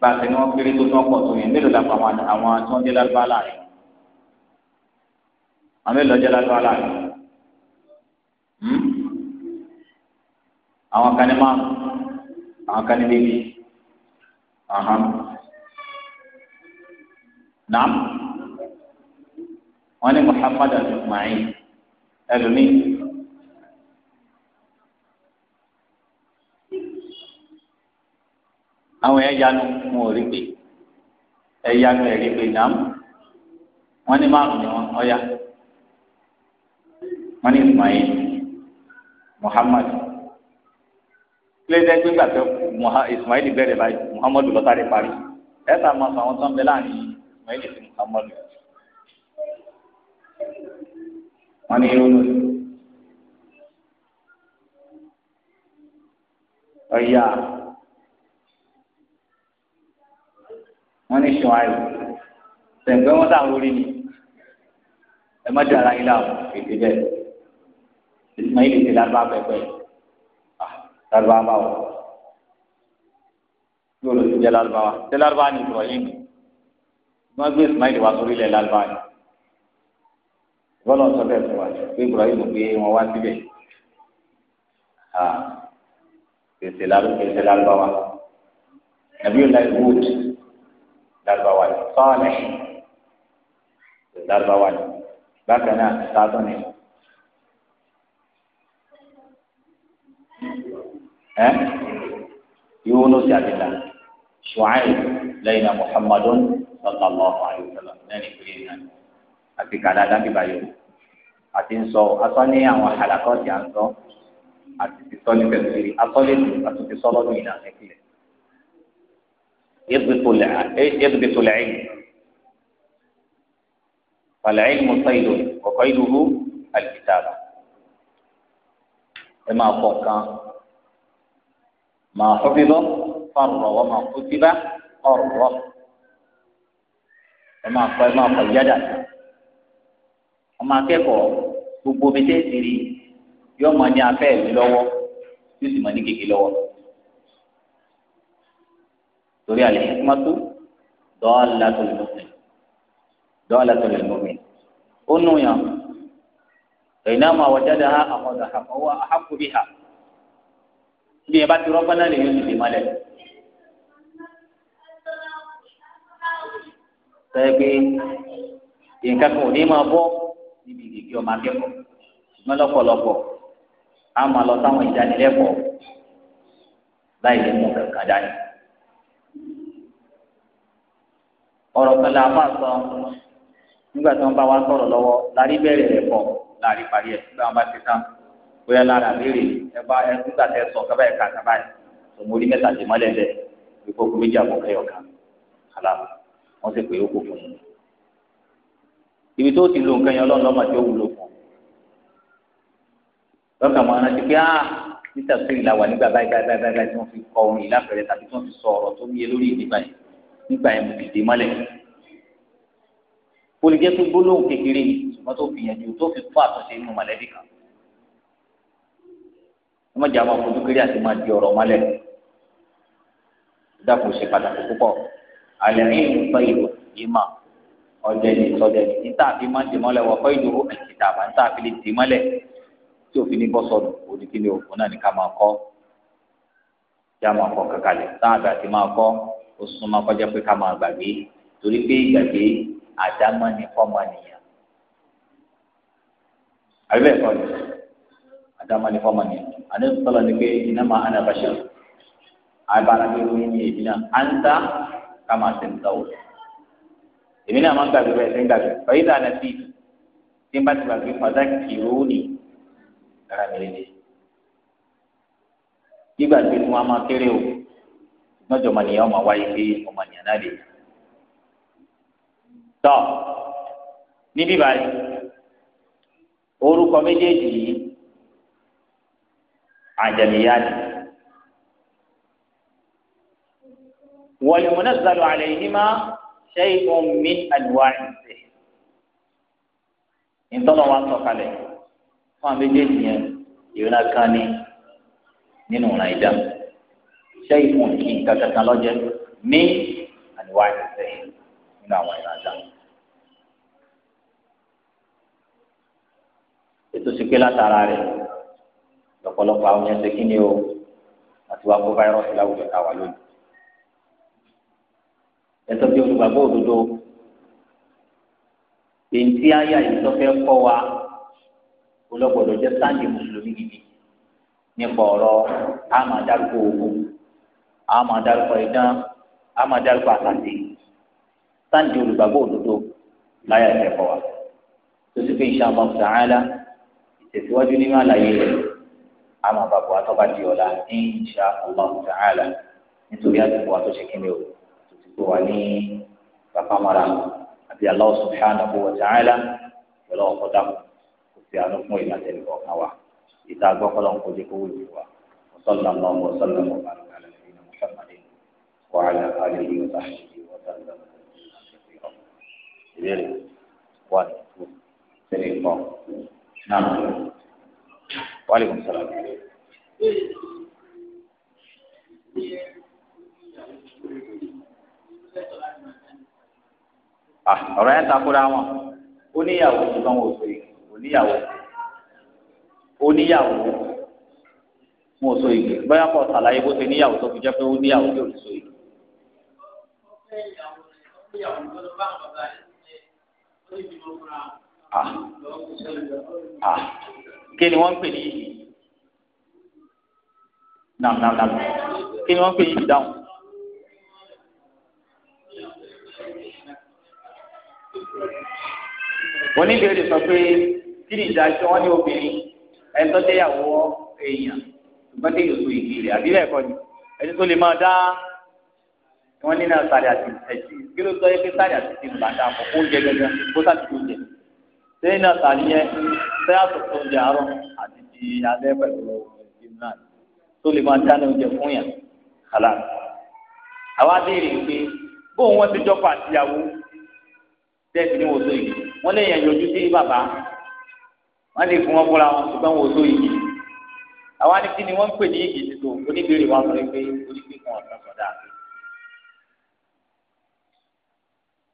bá a ṣe ni wọ́n kéré tó tí wọ́n pọ̀ tó yẹn mélòó la pa àwọn tí wọ́n jẹ́ lárúbáwá láàrin àwọn mélòó jẹ́ lárúbáwá láàrin hmm? àwọn kan ní márùn àwọn kan ní méjì ahàn nàám wọ́n ní Muhammad al-Ismail ẹlòmíì. àwọn yẹn yanu wọn ò rí pé ẹ yanu ẹ rí pé nàám wọn ní márùn ni wọn ọyà wọn ní Ismail Muhammad kílódé gbégbà pé Ismail bẹ̀rẹ̀ báyìí Muhammadu lọ́tàrí parí ẹ sá máa fọ àwọn tó ń bẹ láàrin Ismail sí Muhammadu wọn ní yóò lórí. wọ́n ní sùn àìrò tẹ̀gbẹ́ wọn sàn lórí ni ẹ má dara yín láàmú ètè bẹ́ẹ̀ Ismail ti lábá pẹpẹ ah, lábá bá wọ yóò lọ sí jẹ lábá wa jẹ lábá ni Ibrahim wọ́n gbé Ismail wá sórí ilẹ̀ lábá ni bọ́lá ọ̀sọ́ bẹ́ẹ̀ fún wa pé Ibrahim gbé wọn wá síbẹ̀ ah, kèsè lábá wa nàbí yóò láì wúdì lárúbáwá ni sọ́ọ̀lì lárúbáwá ni bákan náà sáàtọ̀ ni. ẹ Yunus àdìlà Shu'aib lẹ́yìn náà Muhammadun sallallahu alayhi wa sallam lẹ́yìn ìpínlẹ̀ náà àti kàdáadáa bíbá yòó àti nsọ asọ ní àwọn àlàkọ́ ti à ń sọ àti ti sọ ní tẹ̀síìrì asọ lè ti sọ lọ́dún yìí náà ní يضبط العلم فالعلم صيد وقيده الكتابة إما فوقا ما حفظ فر وما كتب قر إما فما قيد ọmọ akẹ́kọ̀ọ́ gbogbo bíi tẹ́sí rí yọmọ ní afẹ́ ìlú lọ́wọ́ torí al-hikmatu dalatul mu'min dalatul mu'min ó nù yàn baynama wajadaha akhadhaha fa huwa ahaqqu biha bí ẹ bá ti rọ́gbọ́n náà lè yóò ti di mọ́lẹ̀. sọ́yẹ́ pé nǹkan kan ò ní máa bọ́ níbi ìgbìgbì ọmọ akẹ́kọ̀ọ́ ṣùgbọ́n lọ́pọ̀lọpọ̀ á máa lọ sáwọn ìdánilẹ́kọ̀ọ́ láì lè mú kankan dání. ọ̀rọ̀ kan làá máa sọ nígbà tí wọ́n bá wá sọ̀rọ̀ lọ́wọ́ láàrí bẹ̀rẹ̀ rẹ̀ pọ̀ láàrí parí ẹ̀ nígbà wọn bá ti tán bóyá lára béèrè ẹ bá ẹ nígbà tẹ sọ kábàáyé ká kábàáyé tòmórí mẹ́ta ti mọ́lẹ̀ bẹ̀ wípé okùn méjì àbọ̀ kẹyọ̀ kan kàlà wọ́n sì pé okùn fún un. ibi tó ti lo nǹkan yẹn ọlọ́run lọ́mọ tí ó wúlò fún un lọ́kàn mọ́ arántí pé áà níta sí ìlà wà nígbà báyìí báyìí báyìí tí wọ́n fi kọ orin ìlàfẹ́rẹ́ tàbí tí wọ́n fi sọ ọ̀rọ̀ tó níye lórí ìdí báyìí nígbà yẹn mo dìde mọ́lẹ̀ o lè jẹ́ pé gbólóhùn kékeré ni ṣùgbọ́n tó fi yànjú tó fi fún àtúnṣe nínú mọ̀lẹ́bí kan wọ́n mọ̀ jẹ́ àwọn ọmọ kékeré àti máa di ọ̀rọ̀ mọ́lẹ̀ dàpọ̀ ṣe pàtàkì púpọ̀ alẹ́ ní ìlú sọ ìlú yìí mà ọjọ́ ẹni sọjọ́ ẹni níta àfi máa ń dì mọ́lẹ̀ wọ́pọ̀ ìlú àìsíta àbá níta àfi lè dì mọ́lẹ̀ tí òfin ní bọ́ sọ̀nù òfin náà ní ká máa kọ́ ó súnmọ́ kọjá pé ká máa gbàgbé torí pé ìgbàgbé àdámọ́ ni fọ́mọ nìyàn àbíbẹ̀ ẹ̀kọ́ ni àdámọ́ ni fọ́mọ nìyàn àdéhùn sọlọ ni pé iná máa ana bàṣẹ àbáragbé lóyún ní èmi náà à ń ta ká máa tẹ̀ ń ta o èmi náà máa ń gbàgbé bẹ́ẹ̀ sí ń gbàgbé fàyídà àná sí tí ń bá ti gbàgbé fàdá kìrò ní rárá ni wọ́n á máa kéré o lọ́jọ́ ọmọnìyàn ọmọ wáyé pé ọmọnìyàn náà lè yàn. tọ́ níbí báyìí orúkọ méjèèjì yìí àjàmíyá ni. وينزل عليهما شيء من أنواع السحر إن طلع وصفله فما بيجي يونا كاني نينونا إدم ṣé ìfún nǹkan kankan lọ́jẹ́ ní àníwá ìṣẹ̀ nínú àwọn ìrajà. ètò ìsìnkú látara rẹ̀ lọ́pọ̀lọpọ̀ àwọn yẹn ṣe kí ni o àti wàá kó fáírọ́ọ̀sì láwùjọ ká wà lónìí. ẹ̀tọ́ bí olùgbàgbọ́ òdodo èyí àyà ìsọfẹ́ kọ́ wa olọ́gbọ̀dọ̀ jẹ́ sáǹdì mùsùlùmí gidi nípa ọ̀rọ̀ àmàdágbò ogun a máa dárúkọ idán a máa dárúkọ àtàtì sáǹdì olùgbàgbọ́ òdodo láyà ìtẹ̀kọ̀ wa tó sì pé insha Allah ta'ala ìtẹ̀síwájú nínú àlàyé rẹ̀ a máa bàbọ̀ àtọ́ba di ọ̀la insha Allah ta'ala nítorí àtìkú wa tó ṣe kíni o tó ti kó wa ní bàbá àti Allah subhanahu wa ta'ala pẹ̀lú ọkọ̀ dàpọ̀ kò sí àánú fún ìlànà ìkọ̀ọ̀kan wa ìta gbọ́kọ́lọ́ ń kojú kó wúlò fún wa. محمد وعلى آله وصحبه وسلم تسليما كثيرا ìbéèrè wà ní two three four náà wà lè kún sọlá ní. ọ̀rọ̀ yẹn takora wọn oníyàwó ṣùgbọ́n wò sí oníyàwó oníyàwó wọn ò so igi bóyá kò sàlàyé bó ṣe níyàwó tó fi jẹ́ pé ó níyàwó tó lè so igi. kí ni wọ́n ń pè ní yìí? nam nam nam kí ni wọ́n ń pè ní yìí dáhùn? oníbèrè sọ pé kí ni ìdájọ́ wọn ní obìnrin ẹ̀ èèyàn ṣùgbọ́n kéèyàn tó ìdí rẹ̀ àbí bẹ́ẹ̀ kọ́ ni ẹni tó lè máa dá wọn nínú sáré àti ẹ̀sìn kí ló sọ pé sáré àti ti gbà dà kó oúnjẹ gẹ́gẹ́ kó sáré tó jẹ sẹ́yìn náà sáré yẹn sẹ́yìn àtọ̀tọ̀ oúnjẹ àárọ̀ àti ti alẹ́ pẹ̀lú ìdílé náà tó lè máa dáná oúnjẹ fún yẹn kàlá. àwa béèrè pé bóun wọn ti jọpọ̀ àtìyàwó tẹ́ẹ̀sì ní wòsó yìí wọ́n lè yẹn yọjú sí bàbá wọ́n lè fún wọn fúnra àwa ní kí ni wọ́n ń pè ní igi títò oníbèrè wa sọ pé oníbèrè kan ọ̀sán sọ̀dá àti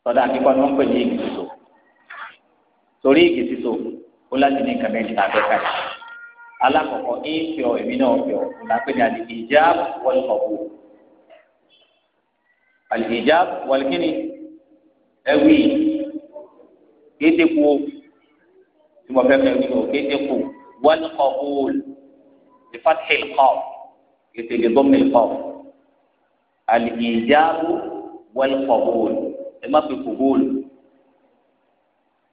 sọ̀dá àti kan ni wọ́n ń pè ní igi títò torí igi títò ó láti ní nǹkan mẹ́rin tàbí ẹ̀ka yìí alákọ̀ọ́kọ́ ìfẹ́ ọ̀ èmi náà fẹ́ ọ̀ làpẹ́ ní àlè ìjà wọlékọ̀ọ́bù àlè ìjà wọlékìnì ẹ̀wì kéde kú tí fẹ́ fẹ́ kéde kú wọlékọ̀ọ́bù. بفتح القاف بضم القاف الإيجاب والقبول إما في قبول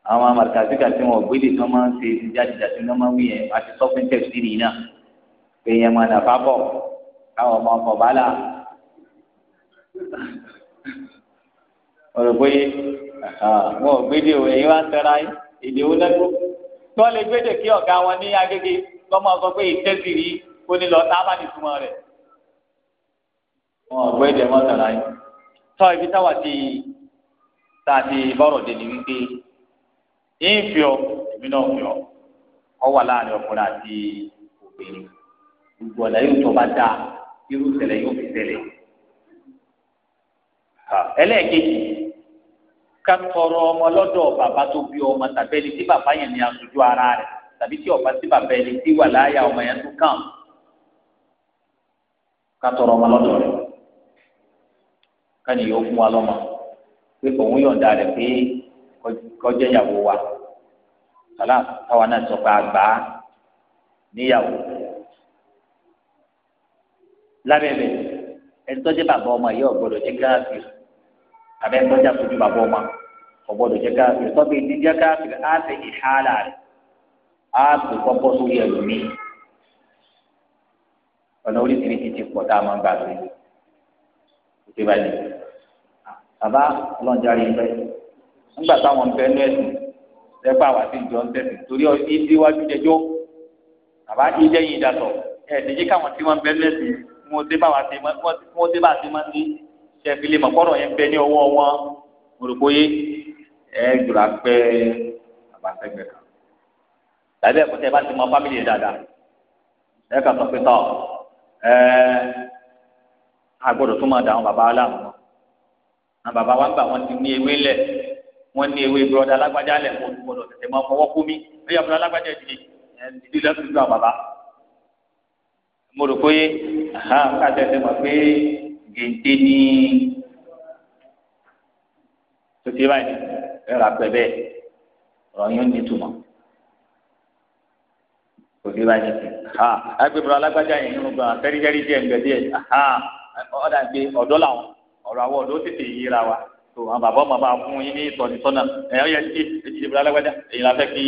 àwọn amarikazi kàti wọn gbélé tí wọn máa ń ṣe jáde-jáde ní wọn máa ń wí yẹn àti sọfún tẹsí rìn náà pé yẹn máa nà fábọ káwọn ọmọ ọkọ bá là ọ̀rọ̀ pé wọn ò gbélé o ẹ̀yin wá ń tẹra èdè wọn lẹ́nu tí wọ́n lè gbélé kí ọ̀gá wọn ní agége lọ́mọ sọ pé ìtẹ́sìrì kò ní lọ sábà ní túmọ̀ rẹ̀. wọn ò gbé dẹ̀mọ́ sàlá yìí. sọ ibi táwa ti tá a ti bọ́rọ̀ dé ni wípé ń fi ọ èmi náà fi ọ ọ wà láàrin ọkùnrin àti obìnrin gbogbo ọ̀la yóò tọ́ bá dáa irú ṣẹlẹ̀ yóò fi ṣẹlẹ̀. ẹlẹ́ẹ̀kejì ká tọrọ ọmọ lọ́dọ̀ bàbá tó bí ọmọ tàbẹ́ni tí bàbá yẹn ní aṣojú ara rẹ̀ tàbí tí ọba tí bàbá ẹni tí wà láyà ọmọ yẹn tó kàn ká tọrọ ọmọ lọ́dọ̀ rẹ̀ káni yóò fún wa lọ́mọ pé òun yọ̀ǹda rẹ̀ pé kọjá ìyàwó wa sọlá táwa náà sọ pé àgbà níyàwó lábẹ́bẹ̀ ẹni tọ́jú bàbá ọmọ yìí ọ̀gbọ́dọ̀ jẹ́ káàfin àbẹ́ tọ́jú bàbá ọmọ ọ̀gbọ́dọ̀ jẹ́ káàfin tọ́bi ìdíjẹ́ káàfin á fẹ́ ìhálà rẹ̀ ààbò kọ́kọ́ sórí ẹlòmíì ọ̀nà oríṣiríṣi ti pọ̀ tá a máa ń gbà pé kò sí báyìí bàbá ọlọ́njàre ń bẹ́ nígbà táwọn ń bẹ ní ẹ̀sìn lẹ́pẹ́ àwọn àti ìjọ ń tẹ̀sìn torí ìdí iwájú jẹjọ́ bàbá ìjẹ́ yìí dàtọ̀ ẹ̀ẹ́dẹ́jì káwọn tí wọ́n ń bẹ ní ẹ̀sìn mo dé bá wa ti mọ mo bá ti mọ sí ṣẹ́fìlì mọ̀ kọ́rọ̀ yẹn bẹ ní ọwọ́ wọn mo rò bóyá tàbí ẹ̀kọ́ tẹ bá ti mọ fámìlì dáadáa ẹ kà sọ pé tọ ẹ agbọ́dọ̀ tó máa da àwọn bàbá aláàmú àwọn bàbá wa ń gbà wọn ti ní ewé lẹ wọn ní ewé bùrọ̀dá alágbájá lẹ kó tó gbọ́dọ̀ tètè máa fọwọ́ kú mi ó yà bùrọ̀dá alágbájá ìdílé ìdílé láti gbà bàbá mo rò pé ká tẹ̀sẹ̀ mọ̀ pé gèdè ní tòtí báyìí ẹ rà pẹ̀ bẹ́ẹ̀ ọ̀rọ̀ yín ní ìtumọ̀ òde bá yẹn ti ha agbèbọrọ alágbájá yẹn nínú gbọn tẹríjẹrí díẹ̀ ńgbẹ díẹ̀ ha ọdà gbé ọ̀dọ́ làwọn ọ̀rọ̀ àwọn ọ̀dọ́ tètè yíra wa tó àwọn bàbá ọmọ bá fún yín ní ìtọ́nisọ́nà ẹ̀yọ́ yẹn ti ètí ìdìbò alágbájá èyí la fẹ́ kí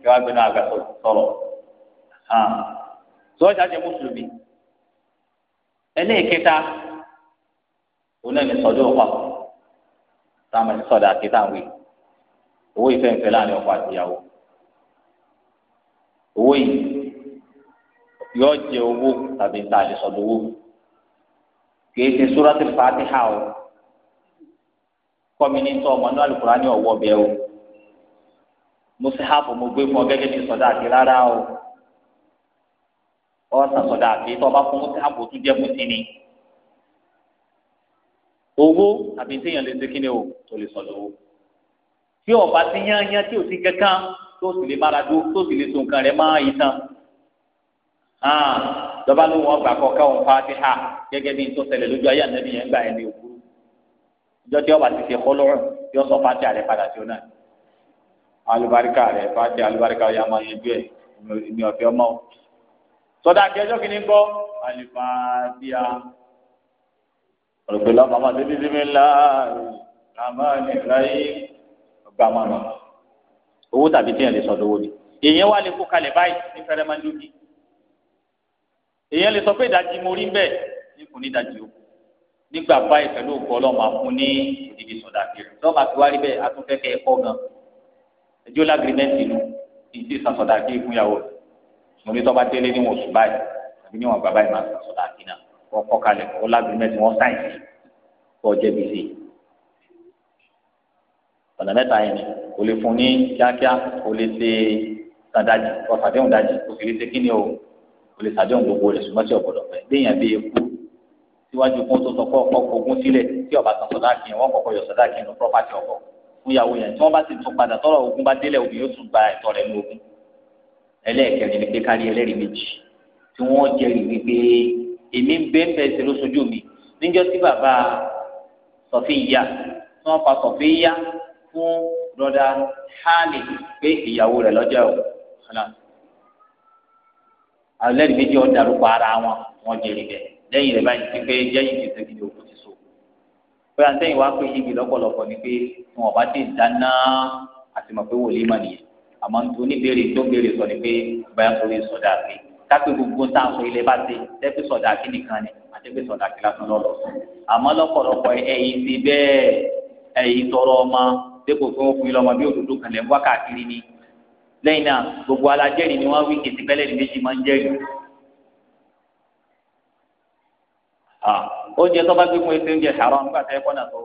kí wàá gbéná àgbà sọ̀rọ̀ ha sọ́jà jẹ́ mùsùlùmí ẹlẹ́ẹ̀kẹta òun náà ní sọ́jọ́ ọ̀pá táwọn ẹni sọ̀dà àti táwọn owó ìfẹ́ ìfẹ́ láàrin owó yìí yọ jẹ owó tàbí ta lè sọdọ owó kìí ṣe suratul Fatiha o kọ́mi ní tọ́ ọmọ náà Al-Kùránì ọ̀wọ́ bẹ́ẹ̀ o mo sì háàpù mo gbé fún ọ gẹ́gẹ́ bí sọdá àti rárá o ọ̀sán sọdá àti tọ́ ọba fún mo sì háàpù tún jẹ́ mo sí ni owó àbí téèyàn lè ṣe kí ni o tó lè sọdọ owó tí ọba ti yán yán tí ò sí kankan tó sì lè mára dúró tó sì lè so nǹkan rẹ̀ máa yìí tán dọ́ba ló wọ́n gbà kọ́ káwọn fatiha gẹ́gẹ́ bí n tó ṣẹlẹ̀ lójú ayé ànábì yẹn gbà ẹni òkú ìjọ tí ọba ti ṣe kọ́ lọ́rùn yóò sọ fatiha rẹ̀ padà sí ọ náà alubarika rẹ̀ fatiha alubarika yà máa yẹjú ẹ̀ ní ọ̀fẹ́ ọmọ sọdá kẹjọ kìíní kọ́ alifatiha ọ̀rọ̀pẹ̀lọ́ màmá ti di sinmi ọgbà máa owó tàbí téèyàn lè sọ lówó ni èèyàn wá lè kó kalẹ̀ báyìí ní fẹrẹmánlógì èèyàn lè sọ pé ìdajì mo rí ń bẹ ní kò ní ìdajì o nígbà báyìí pẹ̀lú òkú ọlọ́mọ àfún ní ìdíbi sọ̀dà kiri lọ́mọ àti wárí bẹ́ẹ̀ a tún fẹ́ kẹ́ ẹ̀kọ́ gan ẹjọ́ lágrímẹ́ǹtì nu kì í sì san sọ̀dà kiri fún ìyàwó mo ní tọ́ba délé níwọ̀n oṣù báyìí àbí níwọ̀n bàbá yìí máa kò lè fún ní kíákíá kò lè ṣe sàdájì ọ̀sàdéhùn dájì kò sì lè ṣe kíni o kò lè sàdéhùn gbogbo rẹ̀ ṣùgbọ́n tí ọ̀gbọ̀dọ̀ fẹ́ déèyàn bí eku síwájú kó tó sọ pé ọkọ ogún sílẹ̀ tí ọba san sọdáàkì wọn kọ́kọ́ yọ sọdáàkì nù pọ́pátì ọkọ fún ìyàwó yẹn tí wọ́n bá sì tún padà tọ́rọ̀ ogún bá délẹ̀ obìnrin yóò tún gba ẹ̀tọ́ rẹ̀ nù ogún ẹlẹ́ẹ̀kẹrin ni pé kárí ẹlẹ́rìí méjì tí wọ́n jẹ́rìí wípé èmi ń bẹ́ẹ̀ fẹ́ ṣe lóṣojú mi níjọ́ tí bàbá sọ̀fíìyà tí wọ́n pa sọ̀fíìyà fún broda hali pé ìyàwó rẹ̀ lọ́jọ́ o alẹ́rì méjì ọ̀ dàrú pa ara wọn wọn jèrè bẹ̀ lẹ́yìn rẹ̀ báyìí ti pé jẹ́yìn ti sẹ́gi ní òkú ti so pé àtẹ̀yìn wá pé yíbi lọ́pọ̀lọpọ̀ ni pé wọn bá ti dáná àti mọ̀ pé wòlíì mà nìyẹn àmọ́ oníbèrè tó béèrè sọ ni pé báyà sórí sọ̀dà pé kápẹ́ gbogbo tá a sọ ilẹ̀ bá ti tẹ́pẹ́ sọ̀dà kí nìkan ni àtẹ́pẹ́ sọ̀dà kí lásán lọ́lọ́ àmọ́ lọ́pọ̀lọpọ̀ ẹ̀yìn ti bẹ́ẹ̀ ẹ̀yìn tọrọ ọmọ dépò pé wọ́n fún yín lọ́mọ bí òdòdó kan lẹ́ ń wá káàkiri ni lẹ́yìn náà gbogbo alájẹ́rìí ni wọ́n wí kìtì pẹ́lẹ́ ní méjì máa ń jẹ́rìí. oúnjẹ tó bá gbé fún ẹsẹ̀ oúnjẹ haram nígbà tó yẹ kọ́nà tó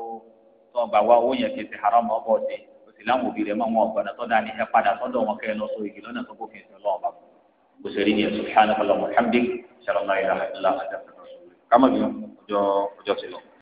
tó ọgbà wá owó yẹn kìtì haram ọ̀bọ̀ ọ̀dẹ òsì láwọn òbí rẹ̀ máa wọn ọ̀gbọ̀nà tó dáa ní ẹ padà sọ́dọ̀ wọn kẹ́ ẹ lọ sọ igi lọ́nà tó bófin ẹ̀sìn lọ́wọ́ bá kò sì rí ni